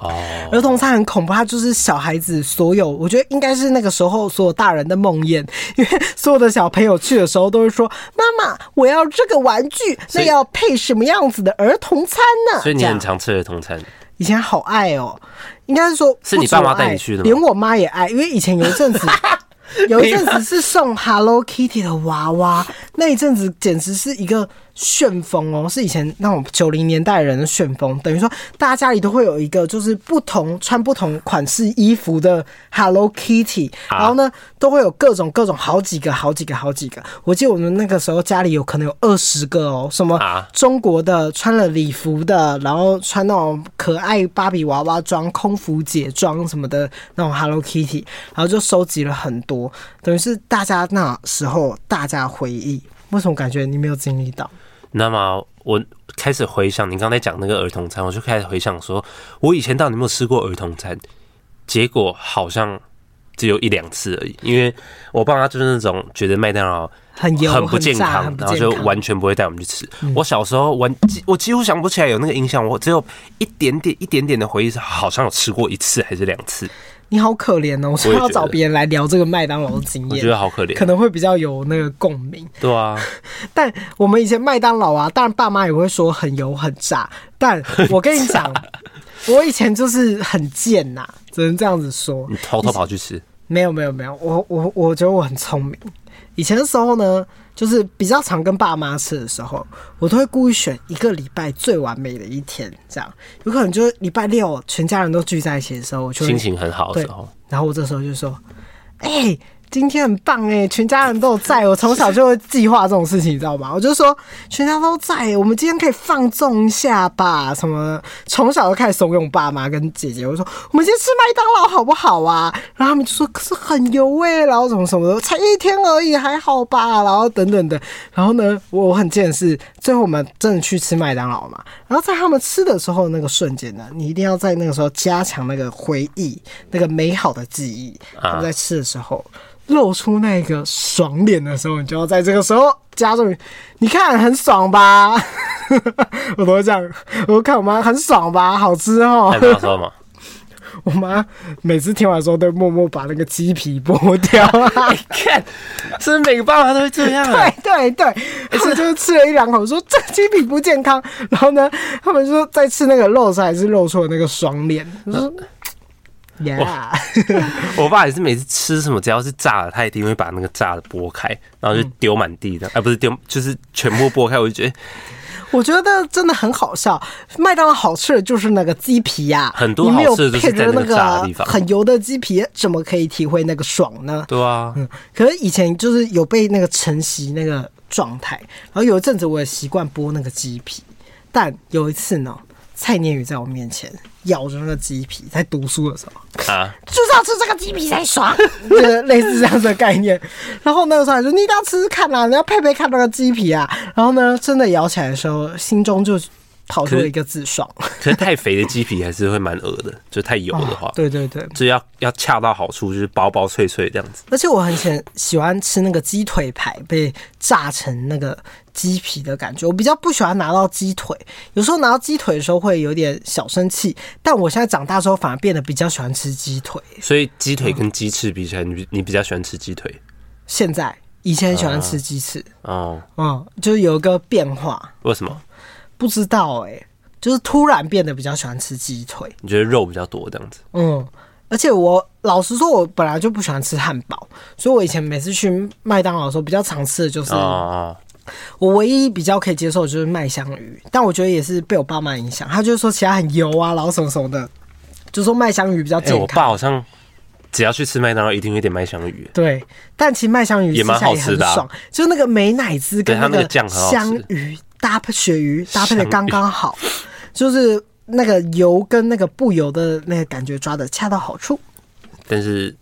哦，兒童餐很恐怖，它就是小孩子所有，我覺得應該是那個時候所有大人的夢魘，因為所有的小朋友去的時候都會說：“媽媽，我要這個玩具，那個、要配什麼樣子的兒童餐呢？”所以，所以你很常吃兒童餐，以前好愛哦、喔，應該是說是你爸媽帶你去的嗎，連我媽也愛，因為以前有一陣子， [LAUGHS] 有一陣子是送 Hello Kitty 的娃娃，那一陣子簡直是一個旋風哦，是以前那種九零年代人的旋風，等於說大家家裡都會有一個，就是不同穿不同款式衣服的 Hello Kitty，啊、然後呢都會有各種各種好幾個、好幾個、好幾個。我記得我們那個時候家裡有可能有二十個哦，什麼中國的穿了禮服的，然後穿那種可愛芭比娃娃裝、空服姐裝什麼的那種 Hello Kitty，然後就收集了很多，等於是大家那時候大家回憶，為什麼感覺你沒有經歷到？那麼我開始回想你剛才講那個兒童餐，我就開始回想說，我以前到底有沒有吃過兒童餐？結果好像只有一兩次而已，因為我爸媽就是那種覺得麥當勞很油很炸很不健康，然後就完全不會帶我們去吃。很很很我小時候完，我幾我幾乎想不起來有那個印象，我只有一點點一點點的回憶，是好像有吃過一次還是兩次。你好可憐哦，他要找別人來聊這個麥當勞的經驗，我覺得好可憐，可能會比較有那個共鳴。對啊， [LAUGHS] 但我們以前麥當勞啊，當然爸媽也會說很油很炸，很炸，但我跟你講， [LAUGHS] 我以前就是很賤吶、啊，只能這樣子說。你偷偷跑去吃？沒有沒有沒有，我我我覺得我很聰明，以前的時候呢。就是比較常跟爸媽吃的時候，我都會故意選一個禮拜最完美的一天，這樣有可能就是禮拜六全家人都聚在一起的時候，我就會心情很好的時候。對，然後我這時候就說：“哎、欸。”今天很棒誒，全家人都有在。我從小就會計劃這種事情，你知道嗎？我就說，全家都在，我們今天可以放縱一下吧。什麼從小就開始慫恿爸媽跟姐姐，我就說，我們今天吃麥當勞好不好啊？然後他們就說，可是很油誒，然後怎麼什麼的，才一天而已，還好吧，然後等等的，然後呢，我很賤是。最後我們真的去吃麥當勞嘛，然後在他們吃的時候，那個瞬間呢，你一定要在那個時候加強那個回憶，那個美好的記憶。啊、他們在吃的時候露出那個爽臉的時候，你就要在這個時候加重你，你看很爽吧？ [LAUGHS] 我都會這樣，我都看我媽很爽吧，好吃哦。 [LAUGHS] 我媽每次聽完的時候都默默把那個雞皮剝掉啊！ [LAUGHS] 你看，是不是每個爸爸都會這樣啊？ [LAUGHS] 對對對，是就是吃了一兩口，說這雞皮不健康。然後呢，他們就說在吃那個肉還是露出了那個雙臉。我說，呃 yeah、我， [LAUGHS] 我爸也是每次吃什麼只要是炸了，他一定會把那個炸的剝開，然後就丟滿地的。哎、嗯呃，不是丟，就是全部剝開。我就覺得。我覺得真的很好笑，麥當勞好吃的就是那個雞皮呀，很多好吃的，你沒有配著那個很油的雞皮的，怎麼可以體會那個爽呢？對啊，嗯，可是以前就是有被那個晨曦那個狀態，然後有一陣子我也習慣剝那個雞皮，但有一次呢。蔡念宇在我面前咬着那個雞皮，在讀書的時候啊， [LAUGHS] 就是要吃這個雞皮才爽，就是類似這樣子的概念。 [LAUGHS] 然後那個時候還說：“你一定要吃，吃看吶、啊，你要配配看那個雞皮啊。”然後呢，真的咬起來的時候，心中就。跑出了一個字爽可，可是太肥的雞皮還是會蠻噁的， [LAUGHS] 就太油的話。啊、對對對，這要要恰到好處，就是薄薄脆脆這樣子。而且我很喜喜歡吃那個雞腿排被炸成那個雞皮的感覺，我比較不喜歡拿到雞腿。有時候拿到雞腿的時候會有點小生氣，但我現在長大之後反而變得比較喜歡吃雞腿。所以雞腿跟雞翅比起來，你、嗯、你比較喜歡吃雞腿？現在以前喜歡吃雞翅、啊、哦，嗯，就是有一個變化。為什麼？不知道哎、欸,就是突然變得比較喜歡吃雞腿。你覺得肉比較多這樣子？嗯，而且我老實說，我本來就不喜歡吃漢堡，所以我以前每次去麥當勞的時候，比較常吃的就是……啊，啊，啊，啊我唯一比較可以接受的就是麥香魚，但我覺得也是被我爸媽影響，他就是說其他很油啊、然後什麼什麼的，就說麥香魚比較健康、欸。我爸好像只要去吃麥當勞，一定會點麥香魚。對，但其實麥香魚也蠻好吃的、啊，爽，就那個美乃滋跟那個醬香魚。搭配鱈魚搭配的剛剛好，就是那個油跟那個不油的那個感覺抓的恰到好處。但是，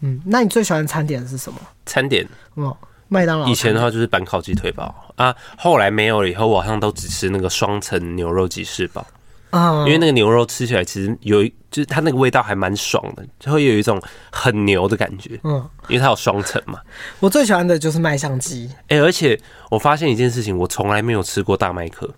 嗯，那你最喜歡的餐點是什麼？餐點哦，麥當勞。以前的話就是板烤雞腿堡啊，後來沒有了以後，我好像都只吃那個雙層牛肉吉事堡。因為那個牛肉吃起來其實有一，就是它那個味道還蠻爽的，就會有一種很牛的感覺。嗯，因為它有雙層嘛。我最喜歡的就是麥香雞。哎、欸，而且我發現一件事情，我從來沒有吃過大麥克。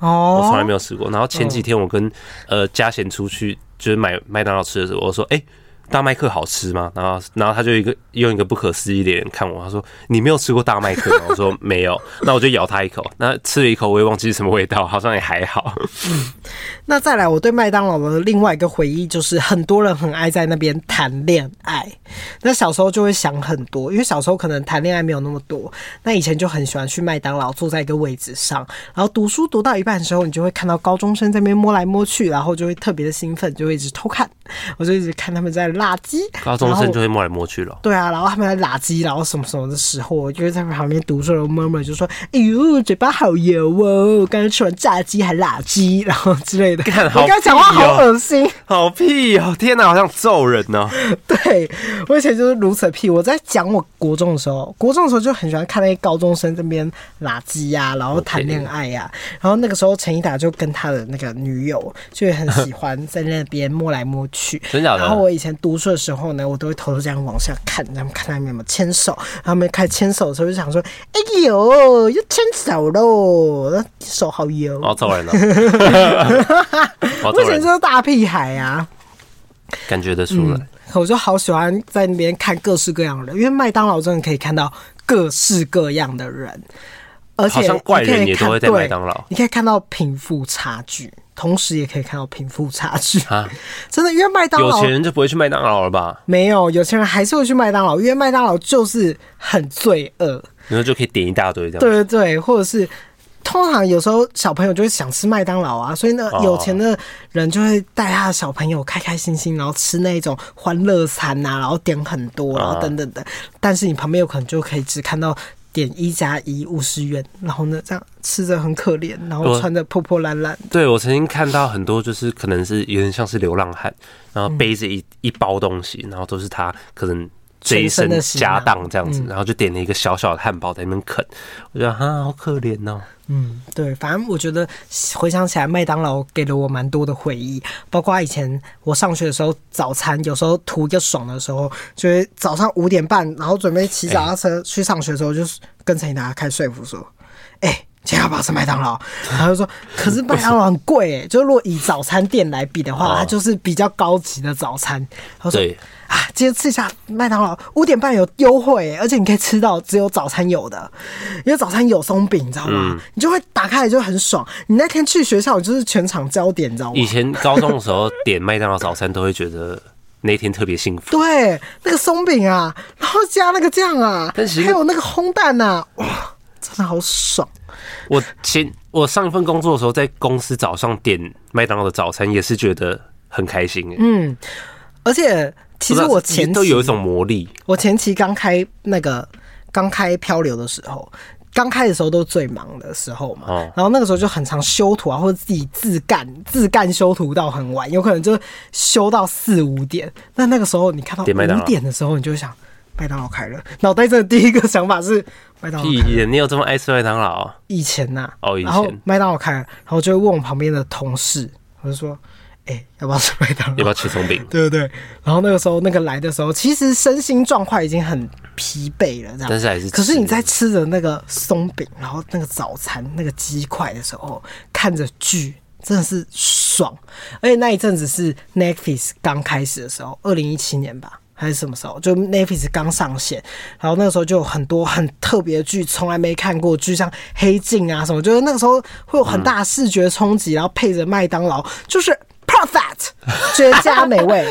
哦，我從來沒有吃過。然後前幾天我跟、嗯、呃嘉賢出去就是買麥當勞吃的時候，我說哎。欸大麥克好吃嗎？然後，然後他就一個用一個不可思議的眼神看我，他說：“你沒有吃過大麥克？” [LAUGHS] 我說：“沒有。”那我就咬他一口。那吃了一口，我也忘記是什麼味道，好像也還好。那再來，我對麥當勞的另外一個回憶就是，很多人很愛在那邊談戀愛。那小時候就會想很多，因為小時候可能談戀愛沒有那麼多。那以前就很喜歡去麥當勞，坐在一個位置上，然後讀書讀到一半的時候，你就會看到高中生在那邊摸來摸去，然後就會特別的興奮，就會一直偷看，我就一直看他們在。辣雞高中生就會摸來摸去了，對啊，然後他們在辣雞，然後什麼什麼的時候，我就會在旁邊讀書然後摸摸就說：“哎、欸、呦，嘴巴好油哦、喔，我剛剛吃完炸雞還辣雞，然後之類的。”你剛剛講話好惡、喔、心，好屁哦、喔！天吶、啊，好像揍人呢、啊。 [LAUGHS] 對我以前就是如此屁。我在講我國中的時候，國中的時候就很喜歡看那些高中生這邊辣雞呀，然後談戀愛呀、啊。Okay. 然後那個時候陳一達就跟他的那個女友就很喜歡在那邊摸來摸去。 [LAUGHS] 真的？然後我以前讀。讀書的時候呢，我都會偷偷這樣往下看，然後看他們有沒有牽手。然後他們開始牽手的時候，就想說：“哎、欸、呦，又牽手嘍，手好油。好喔”哦 [LAUGHS] 醜人，自然了。以前就是大屁孩啊，感覺得出來。嗯、我就好喜歡在那邊看各式各樣的人，因為麥當勞真的可以看到各式各樣的人。而且怪人也都會在麥當勞，你可以看到貧富差距，同時也可以看到貧富差距啊！真的，因為麥當勞有錢人就不會去麥當勞了吧？沒有，有錢人還是會去麥當勞，因為麥當勞就是很罪惡，然後就可以點一大堆這樣。對對對，或者是通常有時候小朋友就會想吃麥當勞啊，所以呢，有錢的人就會帶他的小朋友開開心心，然後吃那種歡樂餐啊，然後點很多，然後等等等。但是你旁邊有可能就可以只看到。點一加一五十元，然後呢，這樣吃着很可憐，然後穿的破破爛爛。對我曾經看到很多，就是可能是有點像是流浪漢，然後背着一、嗯、一包東西，然後都是他可能。這一身家當這樣子、嗯，然後就點了一個小小的漢堡在那邊啃，我覺得哈好可憐哦。嗯，對，反正我覺得回想起來，麥當勞給了我蠻多的回憶，包括以前我上學的時候，早餐有時候圖一個爽的時候，就是早上五點半，然後準備騎腳踏車去上學的時候，欸、就是跟陳怡達開始說服說：“哎、欸，今天要不要吃麥當勞？”然後就說：“可是麥當勞很貴，哎、欸，就如果以早餐店來比的話，哦，它就是比較高級的早餐。對”對啊，今天吃一下麥當勞，五點半有優惠，而且你可以吃到只有早餐有的，因為早餐有鬆餅，你知道嗎、嗯？你就會打開來就很爽。你那天去學校就是全場焦點，你知道嗎？以前高中的時候點麥當勞早餐都會覺得那天特別幸福， [LAUGHS] 對，那個鬆餅啊，然後加那個醬啊，還有那個烘蛋啊，哇，真的好爽！我前我上一份工作的時候，在公司早上點麥當勞的早餐也是覺得很開心，嗯，而且。其實我前期都有一種魔力。我前期剛開那個剛開漂流的時候，剛開的時候都最忙的時候嘛。然後那個時候就很常修圖啊，或者自己自幹自幹修圖到很晚，有可能就修到四五點。那那個時候你看到五點的時候，你就想麥當勞開了。腦袋真的第一個想法是麥當勞。屁！你有這麼愛吃麥當勞？以前吶，哦，以前麥當勞開了，然後就會問我旁邊的同事，我就說。哎、欸，要不要吃麥當勞？要不要吃鬆餅？ [LAUGHS] 對對對。然後那個時候，那個來的時候，其實身心狀況已經很疲憊了，這樣。但是還是。可是你在吃着那個鬆餅，然後那個早餐那個雞塊的時候，看着劇真的是爽。而且那一陣子是 Netflix 剛開始的時候，二零一七年吧，還是什麼時候？就 Netflix 剛上線，然後那個時候就有很多很特別的劇，從來沒看過劇，像《黑鏡》啊什麼，就是那個時候會有很大的視覺衝擊，然後配着麥當勞，就是。絕佳美味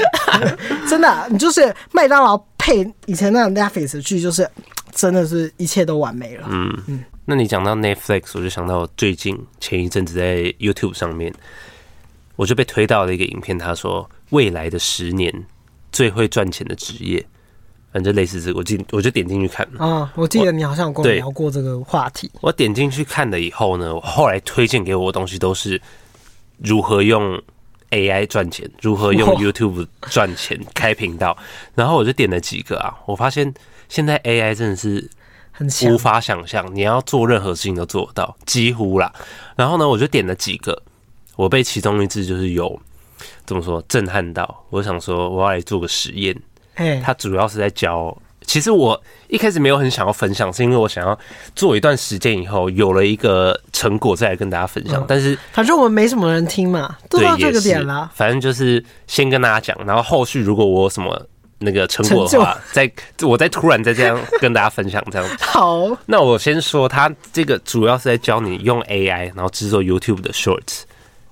[LAUGHS] [LAUGHS] 真的、啊，你就是麥當勞配以前那種 Netflix 劇，就是真的是一切都完美了嗯。嗯，那你講到 Netflix，我就想到最近前一陣子在 YouTube 上面，我就被推到了一個影片，他說未來的十年最會賺錢的職業，反正類似這個，我記得我就點進去看了啊、哦。我記得你好像有跟我聊過這個話題我。我點進去看了以後呢，我後來推薦給我的東西都是如何用。AI 賺錢，如何用 YouTube 賺錢開頻道？然後我就點了幾個啊，我發現現在 AI 真的是無法想象，你要做任何事情都做到，幾乎啦。然後呢，我就點了幾個，我被其中一支就是有怎麼說震撼到，我想說我要來做個實驗。它主要是在教。其實我一開始沒有很想要分享，是因為我想要做一段時間以後有了一個成果再來跟大家分享。嗯、但是反正我們沒什麼人聽嘛，都到這個點了。反正就是先跟大家講，然後後續如果我有什麼那個成果的話，再我再突然再這樣跟大家分享這樣。 [LAUGHS] 好，那我先說，他這個主要是在教你用 AI 然後製作 YouTube 的 shorts。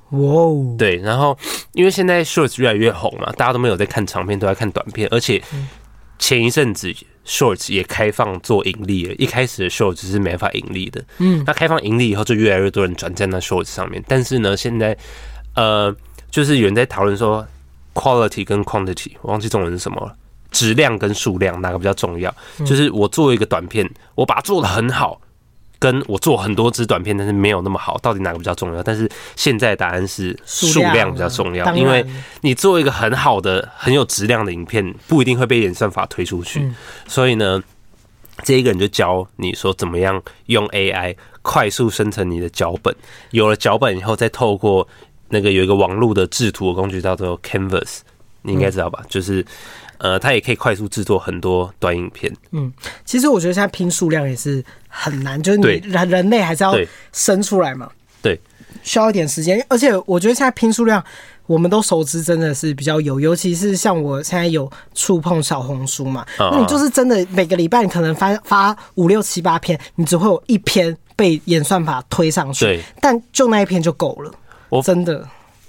哇哦，對，然後因為現在 shorts 越來越紅嘛，大家都沒有在看長片，都在看短片，而且。嗯前一陣子 shorts 也開放做盈利了，一開始的 shorts 是沒法盈利的。嗯，那開放盈利以後，就越來越多人轉戰到 shorts 上面。但是呢，現在呃，就是有人在討論說 quality 跟 quantity，我忘記中文是什麼了，質量跟數量哪個比較重要？就是我做一個短片，我把它做得很好。跟我做很多支短片，但是沒有那麼好。到底哪個比較重要？但是現在答案是數量比較重要，因為你做一個很好的、很有質量的影片，不一定會被演算法推出去。所以呢，這一個人就教你說怎麼樣用 AI 快速生成你的腳本。有了腳本以後，再透過那個有一個網絡的製圖的工具叫做 Canvas，你應該知道吧？就是。呃，它也可以快速製作很多短影片。嗯，其實我覺得現在拼數量也是很難，就是你人人類還是要生出來嘛。對，對，需要一點時間。而且我覺得現在拼數量，我們都熟知，真的是比較有，尤其是像我現在有觸碰小紅書嘛，哦哦，那你就是真的每個禮拜你可能發發五六七八篇，你只會有一篇被演算法推上去，對，但就那一篇就夠了。真的。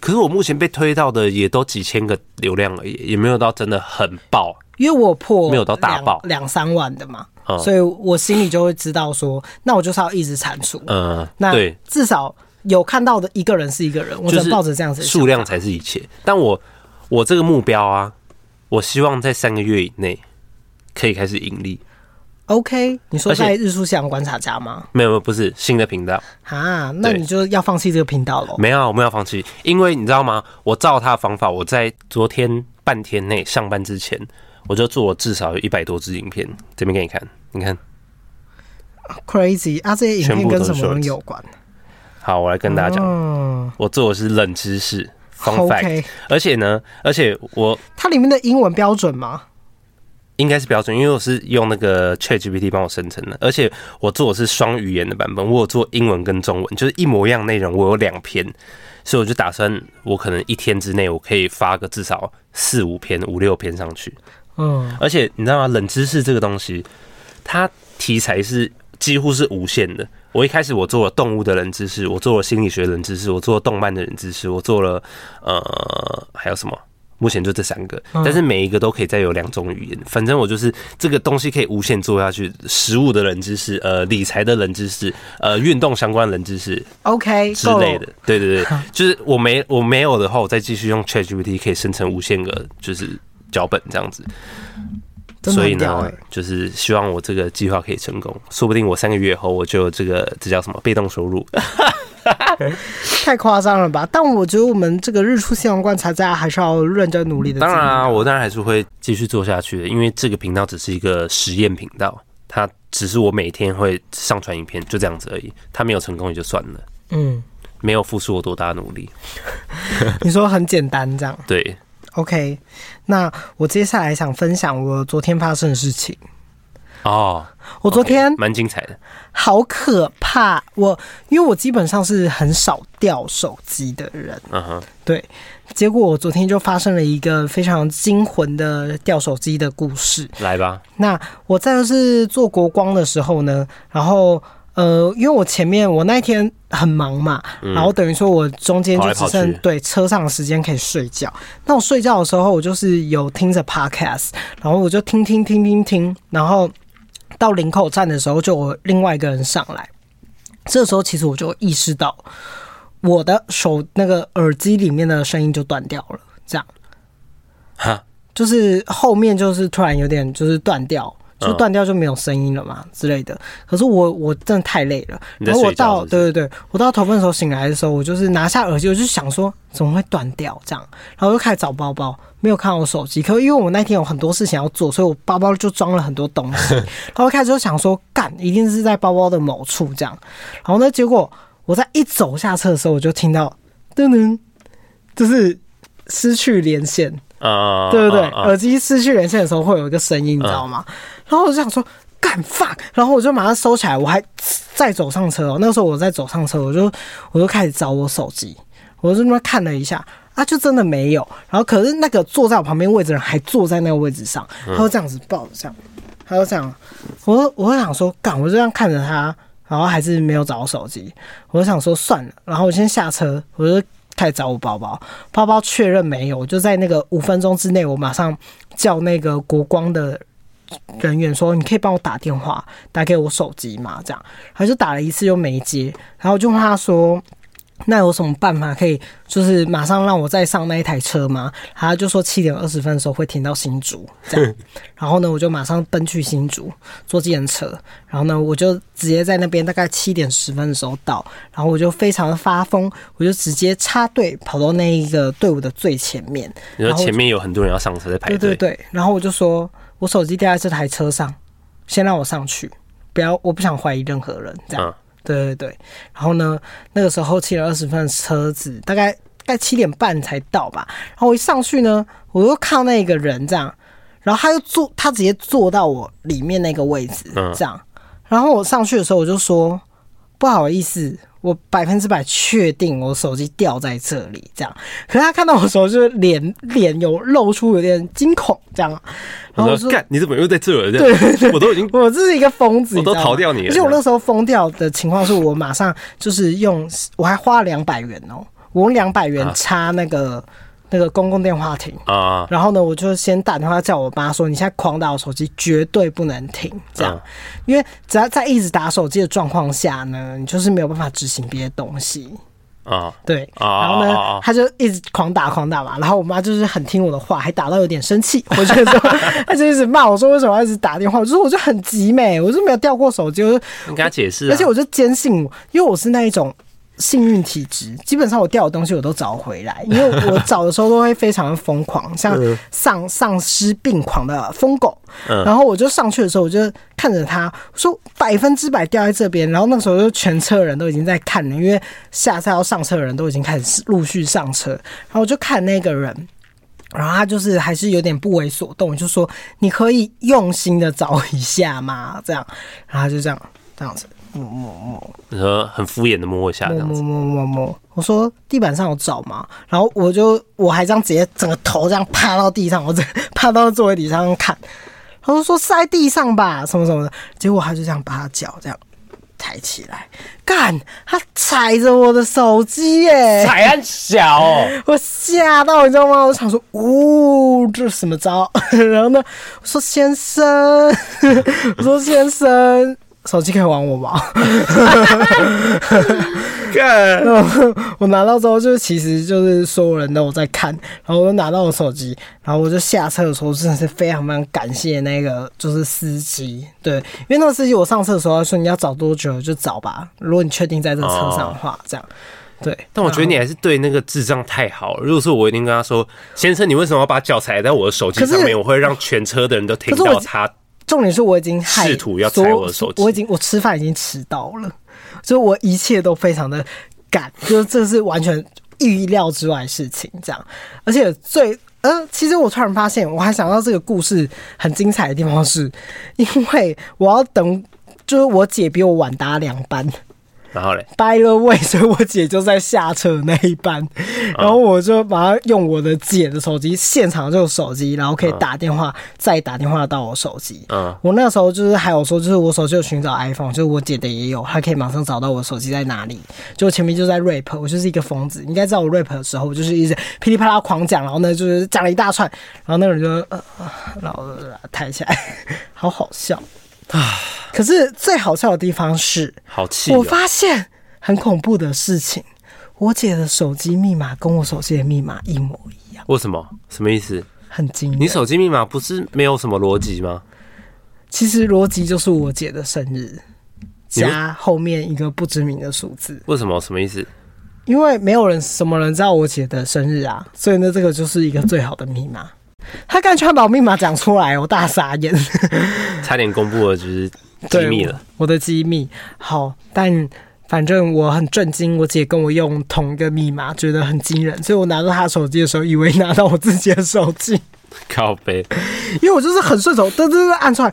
可是我目前被推到的也都幾千個流量而已，也沒有到真的很爆，因為我破沒有到大爆兩三萬的嘛、嗯，所以我心裡就會知道說，那我就是要一直產出，嗯，那對，至少有看到的一個人是一個人，嗯、我抱着這樣子，數、就是、量才是一切。但我我這個目標啊，我希望在三個月以內可以開始盈利。OK，你說現在日出像觀察家嗎？沒有，沒有，不是新的頻道啊。那你就要放棄這個頻道了？沒有，我沒有放棄，因為你知道嗎？我照他的方法，我在昨天半天內上班之前，我就做了至少有一百多支影片，這邊給你看，你看。Crazy 啊！這些影片跟什麼有關、嗯？好，我來跟大家講、嗯，我做的是冷知識 Fun Fact，OK。而且呢，而且我它裡面的英文標準嗎？應該是標準，因為我是用那個 ChatGPT 幫我生成的，而且我做的是雙語言的版本，我有做英文跟中文，就是一模一樣內容，我有兩篇，所以我就打算，我可能一天之內我可以發個至少四五篇，五六篇上去。嗯，而且你知道嗎？冷知識這個東西，它題材是幾乎是無限的。我一開始我做了動物的冷知識，我做了心理學的冷知識，我做了動漫的冷知識，我做了呃還有什麼？目前就這三個，但是每一個都可以再有兩種語言、嗯。反正我就是這個東西可以無限做下去。食物的冷知識呃，理財的冷知識呃，運動相關的冷知識 OK 之類的。Okay, 對對對， [LAUGHS] 就是我沒我沒有的話，我再繼續用 ChatGPT 可以生成無限個就是腳本這樣子。嗯、所以呢，就是希望我這個計劃可以成功。說不定我三個月後我就這個這叫什麼，被動收入。 [LAUGHS] [LAUGHS] 太誇張了吧！但我覺得我們這個日出新王觀察家還是要認真努力的。當然啊，我當然還是會繼續做下去的，因為這個頻道只是一個實驗頻道，它只是我每天會上傳影片，就這樣子而已。它沒有成功也就算了，嗯，沒有付出我多大努力。 [LAUGHS] [LAUGHS] 你說很簡單這樣？對。OK，那我接下來想分享我昨天發生的事情。哦、oh, okay，我昨天蠻精彩的，好可怕！我因為我基本上是很少掉手機的人，嗯哼，對。結果我昨天就發生了一個非常驚魂的掉手機的故事。來吧，那我在是做國光的時候呢，然後呃，因為我前面我那天很忙嘛，嗯、然後等於說我中間就只剩跑來跑去對車上的時間可以睡覺。那我睡覺的時候，我就是有聽着 podcast，然後我就聽聽聽聽聽，然後到林口站的時候，就有另外一個人上來。這時候其實我就意識到，我的手那個耳機裡面的聲音就斷掉了。這樣，哈，就是後面就是突然有點就是斷掉。就斷掉就沒有聲音了嘛之類的。可是我我真的太累了。然後我到是是對對對，我到頭份的時候醒來的時候，我就是拿下耳機，我就想說怎麼會斷掉這樣，然後我就開始找包包，沒有看我手機。可因為我那天有很多事情要做，所以我包包就裝了很多東西。 [LAUGHS] 然後開始就想說幹，一定是在包包的某處這樣。然後呢，結果我在一走下車的時候，我就聽到噔噔，就是失去連線。啊、uh,，對不對 uh, uh, uh,，耳機失去連線的時候會有一個聲音，uh, 你知道嗎？然後我就想說乾飯，fuck! 然後我就馬上收起來，我還再走上車哦。那個時候我再走上車，我就我就開始找我手機，我就那麼看了一下，啊，就真的沒有。然後可是那個坐在我旁邊位置的人還坐在那個位置上，uh, 他就這樣子抱着這樣，他就這樣，我我就想說幹，我就這樣看着他，然後還是沒有找到手機，我就想說算了，然後我先下車，我就。太找我包包，包包確認沒有，就在那個五分鐘之內，我馬上叫那個國光的人員說，你可以幫我打電話打給我手機嘛？這樣，還是打了一次又沒接，然後就問他說。那有什麼辦法可以，就是馬上讓我再上那一台車嗎？他、啊、就說七點二十分的時候會停到新竹，這樣。然後呢，我就馬上奔去新竹坐計程車。然後呢，我就直接在那邊大概七點十分的時候到。然後我就非常的發瘋，我就直接插隊跑到那一個隊伍的最前面。你說前面有很多人要上車在排隊。對對對。然後我就說我手機掉在這台車上，先讓我上去，不要，我不想懷疑任何人，這樣。嗯對對對，然後呢，那個時候七點二十分車子，大概在七點半才到吧。然後我一上去呢，我又看那個人這樣，然後他又坐，他直接坐到我裡面那個位置這樣。然後我上去的時候，我就說不好意思。我百分之百確定，我手機掉在這裡，這樣。可是他看到我的時候，就是臉臉有露出有點驚恐，這樣。然後我我說：“幹，你怎麼又在這兒？”這樣，我都已經……我這是一個瘋子，我都逃掉你了。其實我，我那時候瘋掉的情況是我馬上就是用， [LAUGHS] 我還花了兩百元哦，我用兩百元插那個。啊那個公共電話亭啊，然後呢，我就先打電話叫我媽說：“你現在狂打我手機，絕對不能停。”這樣，嗯、因為只要在一直打手機的狀況下呢，你就是沒有辦法執行別的東西啊。哦、對，然後呢，他、哦、就一直狂打狂打嘛。然後我媽就是很聽我的話，還打到有點生氣，我就說他 [LAUGHS] 就一直罵我說：“為什麼要一直打電話？”我就說：“我就很急美，我就沒有掉過手機。”我就你跟他解釋、啊，而且我就堅信，因為我是那一種。幸運體質，基本上我掉的東西我都找回來，因為我找的時候都會非常的瘋狂， [LAUGHS] 像喪喪屍病狂的瘋狗，嗯。然後我就上去的時候，我就看着他，我說百分之百掉在這邊。然後那個時候就全車人都已經在看了，因為下車要上車的人都已經開始陸續上車。然後我就看那個人，然後他就是還是有點不為所動，就說你可以用心的找一下嘛，這樣。然後他就這樣這樣子。摸摸摸，你說很敷衍的摸一下，這樣子，摸摸摸摸摸、摸。我說地板上有找嗎？然後我就我還這樣直接整個頭這樣趴到地上，我這趴到座位底上看。他就說塞地上吧，什麼什麼的。結果他就這樣把他腳這樣抬起來摸摸摸摸摸摸，幹他、他、他踩着我的手機耶！踩很小，哦，我嚇到你知道嗎？我想說，嗚，這是什麼招？然後呢，我說先生 [LAUGHS] [LAUGHS] 我說先生。 [LAUGHS] [LAUGHS] 手機可以還我嗎？ [LAUGHS] [LAUGHS] Good . [LAUGHS] 我？我拿到之後，就其實就是所有人都在看，然後我就拿到了手機，然後我就下車的時候真的是非常非常感謝那個就是司機，對，因為那個司機我上車的時候他說你要找多久就找吧，如果你確定在這個車上的話，哦、這樣對。但我覺得你還是對那個智障太好了。如果說我一定跟他說，嗯、先生，你為什麼要把腳踩在我的手機上面？我會讓全車的人都聽到他。他重點是我已經試圖要拆我的手機，我已經我吃飯已經遲到了，所以，我一切都非常的趕，就是這是完全意料之外的事情，這樣。而且最呃，其實我突然發現，我還想到這個故事很精彩的地方是，因為我要等，就是我姐比我晚搭兩班。然後嘞，by the way，所以我姐就在下車的那一班，uh, 然後我就把她用我的姐的手機，現場就手機，然後可以打電話，uh, 再打電話到我手機。嗯、uh,，我那時候就是還有說，就是我手機有尋找 iPhone，就是我姐的也有，她可以馬上找到我手機在哪裡。就前面就在 rap，我就是一個瘋子，你應該知道我 rap 的時候，我就是一直噼裡啪啦狂講，然後呢就是講了一大串，然後那個人就呃，然後抬起來，好好笑啊。可是最好笑的地方是好氣喔，我發現很恐怖的事情，我姐的手機密碼跟我手機的密碼一模一樣。為什麼？什麼意思？很驚！你手機密碼不是沒有什麼邏輯嗎？其實邏輯就是我姐的生日加後面一個不知名的數字。為什麼？什麼意思？因為沒有人，什麼人知道我姐的生日啊？所以呢，這個就是一個最好的密碼。他乾脆把密碼講出來，我大傻眼， [LAUGHS] 差點公布了，就是。密對，我，我的機密。好，但反正我很震驚，我姐跟我用同一個密碼，覺得很驚人。所以我拿到她手機的時候，以為拿到我自己的手機。靠北，因為我就是很順手，噔噔按出來，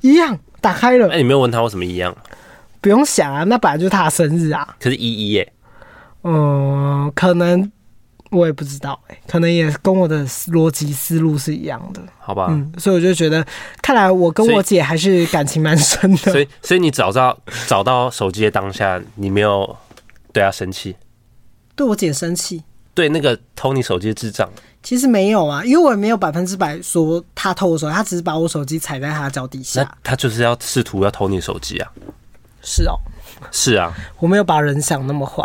一樣打開了。哎、欸，你沒有問他為什麼一樣？不用想啊，那本來就是他的生日啊。可是依依，哎，嗯，可能。我也不知道哎、欸，可能也跟我的邏輯思路是一樣的，好吧？嗯，所以我就覺得，看來我跟我姐還是感情蠻深的。所以，所以你找到找到手機的當下，你沒有對她生氣？對我姐生氣？對那個偷你手機的智障？其實沒有啊，因為我也沒有百分之百說他偷我手機，他只是把我手機踩在他腳底下。那他就是要試圖要偷你手機啊？是哦，是啊，我沒有把人想那麼壞。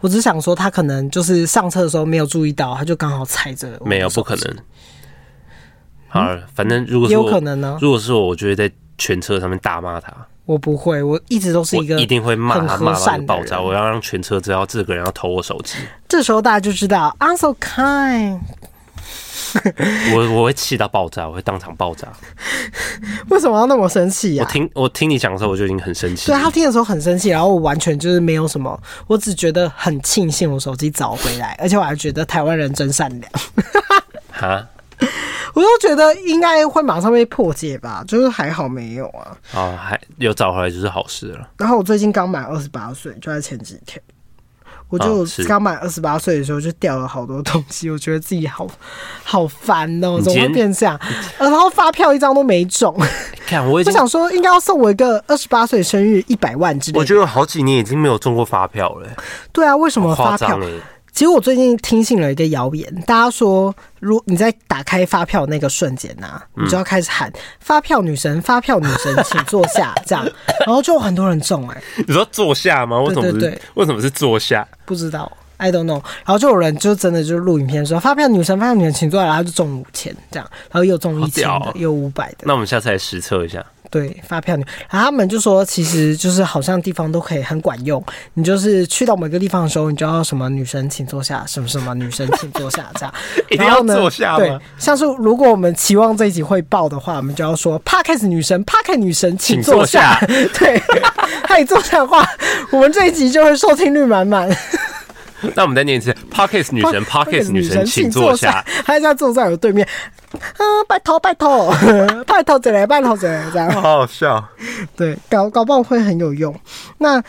我只想說，他可能就是上車的時候沒有注意到，他就剛好踩着。沒有不可能。好了、嗯，反正如果是有可能呢？如果是我，我就會在全車上面大罵他，我不會，我一直都是一個一定會罵他，罵到爆炸。我要讓全車知道這個人要偷我手機。這時候大家就知道，I'm so kind。 [LAUGHS] 我我會氣到爆炸，我會當場爆炸。 [LAUGHS] 為什麼要那麼生氣啊？我聽我聽你講的時候，我就已經很生氣了。對，他聽的時候很生氣，然後我完全就是沒有什麼，我只覺得很慶幸我手機找回來，而且我還覺得台灣人真善良。哈 [LAUGHS] 蛤， [LAUGHS] 我就覺得應該會馬上被破解吧，就是還好沒有啊。啊、哦，還有找回來就是好事了。然後我最近剛滿二十八歲，就在前幾天。我就剛滿二十八歲的時候就掉了好多東西， [LAUGHS] 我覺得自己好好煩哦、喔，怎麼會變這樣？然後發票一張都沒中，看 [LAUGHS] 我，我想說應該要送我一個二十八歲生日一百萬之類的。我覺得好幾年已經沒有中過發票了、欸。對啊，為什麼發票？其實我最近聽信了一個謠言，大家說，如果你在打開發票那個瞬間吶，你就要開始喊“發票女神，發票女神，請坐下” [LAUGHS] 這樣，然後就有很多人中欸。你說坐下嗎？對對對，為什麼是坐下？不知道，I don't know。然後就有人就真的就是錄影片說發票女神，發票女神，請坐下，然後就中五千這樣，然後又中一千的，喔、又五百的。那我們下次來實測一下。對發票你、啊，他們就說，其實就是好像地方都可以很管用。你就是去到某個地方的時候，你就要什麼女神請坐下，什麼什麼女神請坐下這樣。 [LAUGHS] 然後呢，一定要坐下嗎？對，像是如果我們期望這一集會爆的話，我們就要說 Parkes 女神，Parkes 女神請坐下。 [LAUGHS] 對，她 [LAUGHS] 一坐下的話，我們這一集就會收聽率滿滿。 [LAUGHS] [LAUGHS] 那我們再念一次，Podcast 女神，Podcast 女，女神，請坐下。還在坐在我的對面，拜託拜託，拜託誰來？拜託誰？ [LAUGHS] 這樣，好好笑。對，搞搞不好會很有用。那。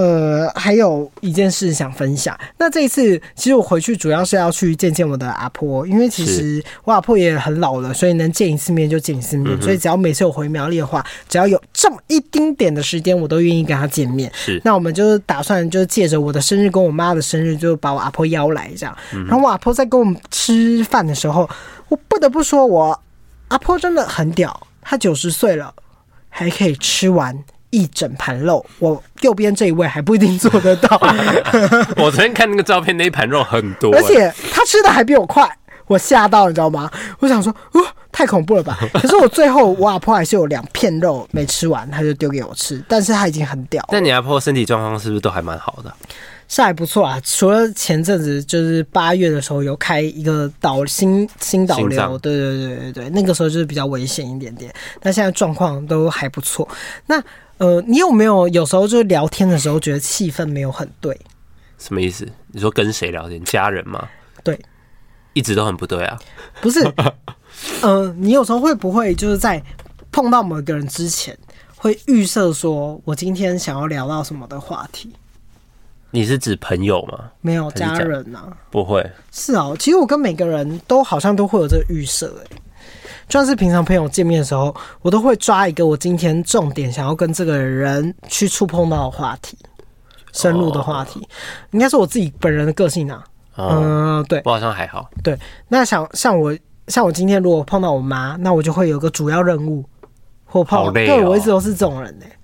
呃，還有一件事想分享。那這一次，其實我回去主要是要去見見我的阿婆，因為其實我阿婆也很老了，所以能見一次面就見一次面。所以只要每次我回苗栗的話，只要有這麼一丁點的時間，我都願意跟他見面。是，那我們就是打算就借着我的生日跟我媽的生日，就把我阿婆邀來這樣。然後我阿婆在跟我們吃飯的時候，我不得不說我，我阿婆真的很屌，她九十歲了還可以吃完。一整盤肉，我右邊這一位還不一定做得到。 [LAUGHS] [LAUGHS] 我昨天看那個照片，那一盤肉很多，而且他吃的還比我快，我嚇到你知道嗎？我想說，哦，太恐怖了吧！ [LAUGHS] 可是我最後，我阿婆還是有兩片肉沒吃完，他就丟給我吃。但是他已經很屌。那你阿婆身體狀況是不是都還蠻好的？是還不錯啊，除了前陣子就是八月的時候有開一個刀心，心導流，對對對對對，那個時候就是比較危險一點點。但現在狀況都還不錯。那呃，你有沒有有時候就是聊天的時候覺得氣氛沒有很對？什麼意思？你說跟誰聊天？家人嗎？對，一直都很不對啊。不是，嗯 [LAUGHS] 、呃，你有時候會不會就是在碰到某個人之前會預設說，我今天想要聊到什麼的話題？你是指朋友嗎？沒有，家人啊。不會。是啊、哦，其實我跟每個人都好像都會有這個預設欸就算是平常朋友見面的時候，我都會抓一個我今天重點想要跟這個人去觸碰到的話題，深入的話題，哦、應該是我自己本人的個性啊、哦。嗯，對，我好像還好。對，那像像我像我今天如果碰到我媽，那我就會有個主要任務或碰。到、好累哦，對，我一直都是這種人呢、欸。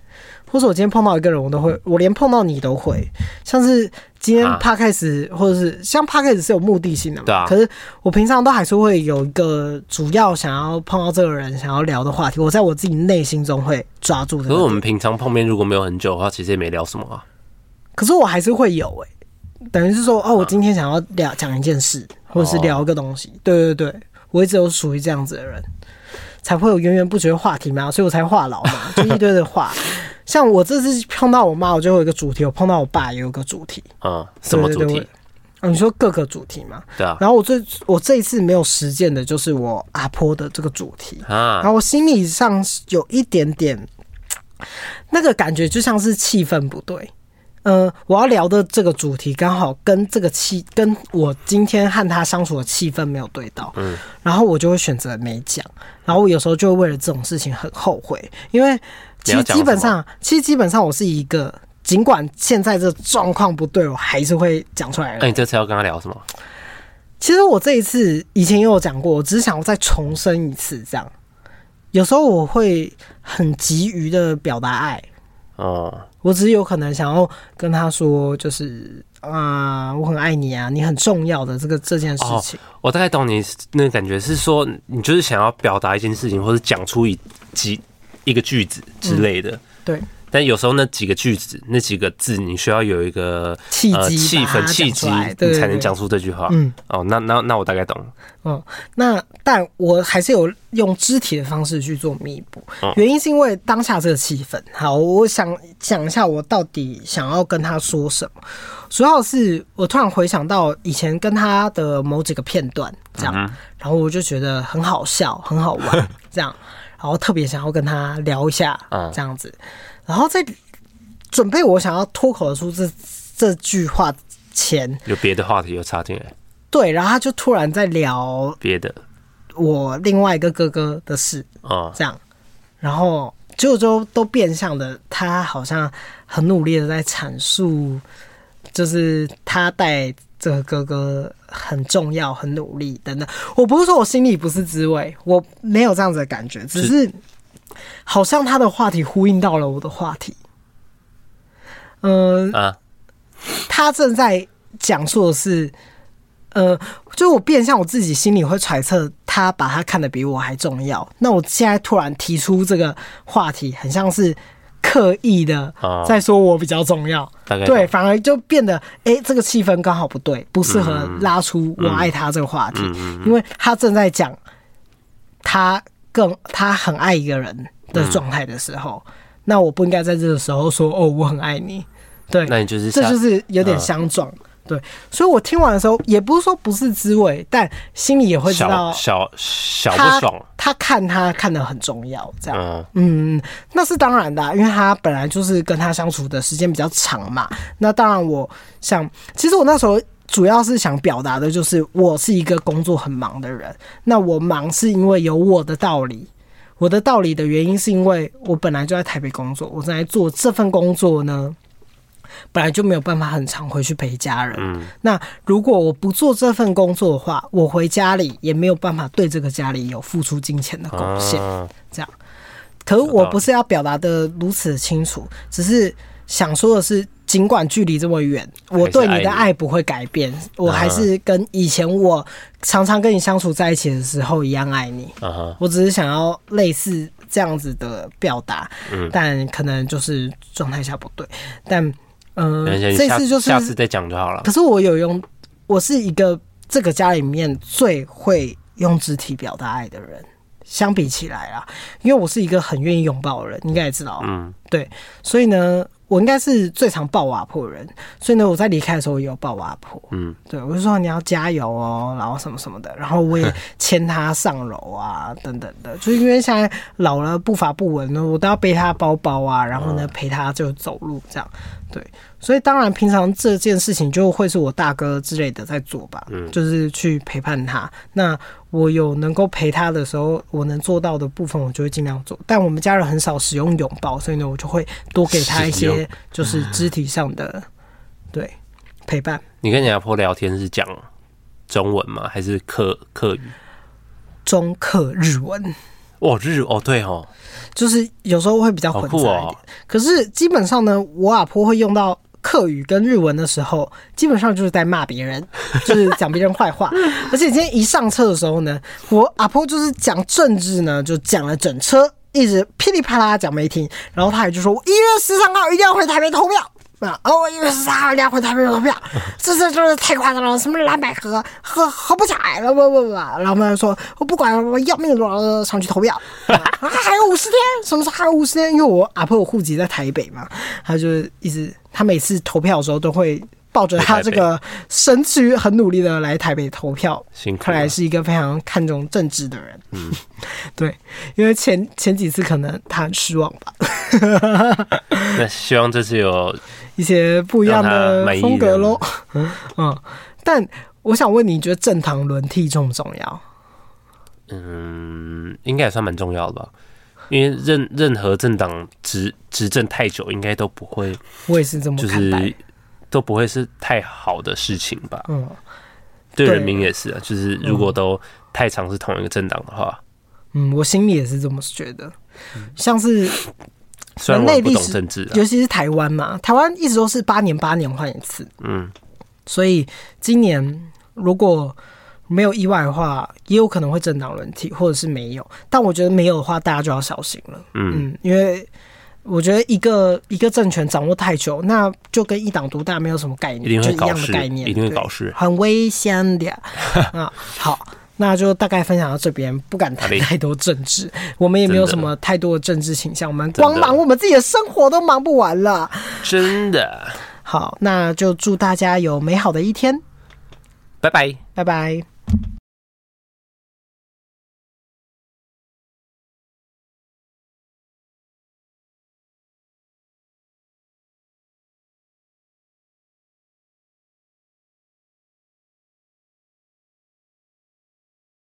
如果說我今天碰到一個人，我都會，我連碰到你都會，像是今天 podcast，或者是像 podcast 是有目的性的嘛，對啊。可是我平常都還是會有一個主要想要碰到這個人，想要聊的話題，我在我自己內心中會抓住的。可是我們平常碰面如果沒有很久的話，其實也沒聊什麼啊。可是我還是會有哎、欸，等於是說哦，喔、我今天想要聊講、啊、一件事，或者是聊一個東西，哦、對對對，我一直都屬於這樣子的人。才會有源源不絕的話題嘛，所以我才話癆嘛，就一堆的話。 [LAUGHS] 像我這次碰到我媽，我就有一個主題；我碰到我爸也有個主題啊、嗯，什麼主題？對對對。啊，你說各個主題嘛，對、啊，然後我最我這一次沒有實踐的就是我阿婆的這個主題啊、嗯，然後我心理上有一點點那個感覺，就像是氣氛不對。呃、嗯，我要聊的這個主題剛好跟這個氣，跟我今天和他相處的氣氛沒有對到，嗯，然後我就會選擇沒講，然後我有時候就會為了這種事情很後悔，因為其實基本上，其實基本上我是一個，儘管現在這狀況不對，我還是會講出來。那、欸、你這次要跟他聊什麼？其實我這一次以前也有講過，我只是想要再重申一次，這樣。有時候我會很急於的表達愛，哦。我只是有可能想要跟他說，就是啊，我很愛你啊，你很重要的這個這件事情。哦,我大概懂你那個感覺，是說你就是想要表達一件事情，或者講出一集一個句子之類的，嗯，對。但有時候那幾個句子，那幾個字，你需要有一個契機、呃、氣氛、契機，你才能講出這句話。嗯、哦，那那那我大概懂了。嗯，那但我還是有用肢體的方式去做彌補、嗯。原因是因為當下這個氣氛。好，我想想一下，我到底想要跟他說什麼？主要是我突然回想到以前跟他的某幾個片段，這樣，嗯嗯，然後我就覺得很好笑、很好玩， [LAUGHS] 這樣，然後特別想要跟他聊一下，嗯、這樣子。然後在準備我想要脫口而出這這句話前，有別的話題又插進來。對，然後他就突然在聊別的，我另外一個哥哥的事啊，這樣，然後就都都變相的，他好像很努力的在闡述，就是他帶這個哥哥很重要、很努力等等。我不是說我心裡不是滋味，我沒有這樣子的感覺，只是，是。好像他的話題呼應到了我的話題，呃，他正在講述的是，呃，就我變相，我自己心裡會揣測，他把他看得比我還重要。那我現在突然提出這個話題，很像是刻意的在說我比較重要，對，反而就變得哎、欸，這個氣氛剛好不對，不適合拉出我愛他這個話題，因為他正在講他。更他很愛一個人的狀態的時候、嗯，那我不應該在這個時候說哦，我很愛你，對，那你就是這就是有點相撞、嗯，對，所以我聽完的時候也不是說不是滋味，但心裡也會知道小小小不爽，他，他看他看得很重要，這樣嗯，嗯，那是當然的、啊，因為他本來就是跟他相處的時間比較長嘛，那當然我想，其實我那時候。主要是想表達的就是，我是一個工作很忙的人。那我忙是因為有我的道理，我的道理的原因是因為我本來就在台北工作，我在做這份工作呢，本來就沒有辦法很常回去陪家人。嗯、那如果我不做這份工作的話，我回家裡也沒有辦法對這個家裡有付出金錢的貢獻。這樣，可我不是要表達的如此清楚，只是想說的是。儘管距離這麼遠，我對你的愛不會改變。還是愛你。uh -huh. 我還是跟以前我常常跟你相處在一起的時候一樣愛你。Uh -huh. 我只是想要類似這樣子的表達、嗯，但可能就是狀態下不對。但嗯、呃，這次就是下次再講就好了。可是我有用，我是一個這個家裡面最會用肢體表達愛的人。相比起來啦，因為我是一個很願意擁抱的人，你應該也知道。嗯，對，所以呢。我應該是最常抱阿婆的人，所以呢，我在離開的時候也有抱阿婆。嗯，對，我就說你要加油哦、喔，然後什麼什麼的，然後我也牽他上樓啊， [LAUGHS] 等等的。就是因為現在老了步伐不穩，我都要背他包包啊，然後呢陪他就走路這樣。對。所以當然，平常這件事情就會是我大哥之類的在做吧，嗯、就是去陪伴他。那我有能夠陪他的時候，我能做到的部分，我就會儘量做。但我們家人很少使用擁抱，所以呢，我就會多給他一些就是肢體上的、嗯、對陪伴。你跟你阿婆聊天是講中文嗎？還是客客語？中客日文。哦，日哦，對哦，就是有時候會比較混雜一點、哦。可是基本上呢，我阿婆會用到課語跟日文的時候，基本上就是在罵別人，就是講別人壞話。 [LAUGHS] 而且今天一上車的時候呢，我阿婆就是講政治呢，就講了整車，一直噼裡啪啦講沒停。然後她也就說，我一月十三號一定要回台北投票。啊！哦，以為是他兩回台北投票？這這這太誇張了！什麼藍白合，合合不起來了不不不！然後我就說，我不管，我要命都拿上去投票。啊，還有五十天，什麼時候還有五十天？因為我阿婆我戶籍在台北嘛，他就是一直，他每次投票的時候都會。抱着他這個身軀，很努力的來台北投票辛。看來是一個非常看重政治的人。嗯， [LAUGHS] 對，因為前前幾次可能他很失望吧。 [LAUGHS] [LAUGHS] 那希望這次有一些不一樣的風格嘍。嗯，但我想問你，你覺得政黨輪替重不重要？嗯，應該也算蠻重要的，吧，因為任任何政黨執執政太久，應該都不會、就是。我也是這麼看待。都不會是太好的事情吧？嗯，對人民也是啊。就是如果都太常是同一個政黨的話，嗯，我心裡也是這麼覺得。像是國內歷史政治，啊，尤其是台灣嘛，台灣一直都是八年八年換一次。嗯，所以今年如果沒有意外的話，也有可能會政黨輪替，或者是沒有。但我覺得沒有的話，大家就要小心了。嗯，嗯，因為。我覺得一個一個政權掌握太久，那就跟一黨獨大沒有什麼概念，一就一樣的概念，一定會搞事，很危險的 [LAUGHS] 啊！好，那就大概分享到這邊，不敢談太多政治， [LAUGHS] 我們也沒有什麼太多的政治傾向，我們光忙我們自己的生活都忙不完了，真的。 [LAUGHS] 好，那就祝大家有美好的一天，拜拜，拜拜。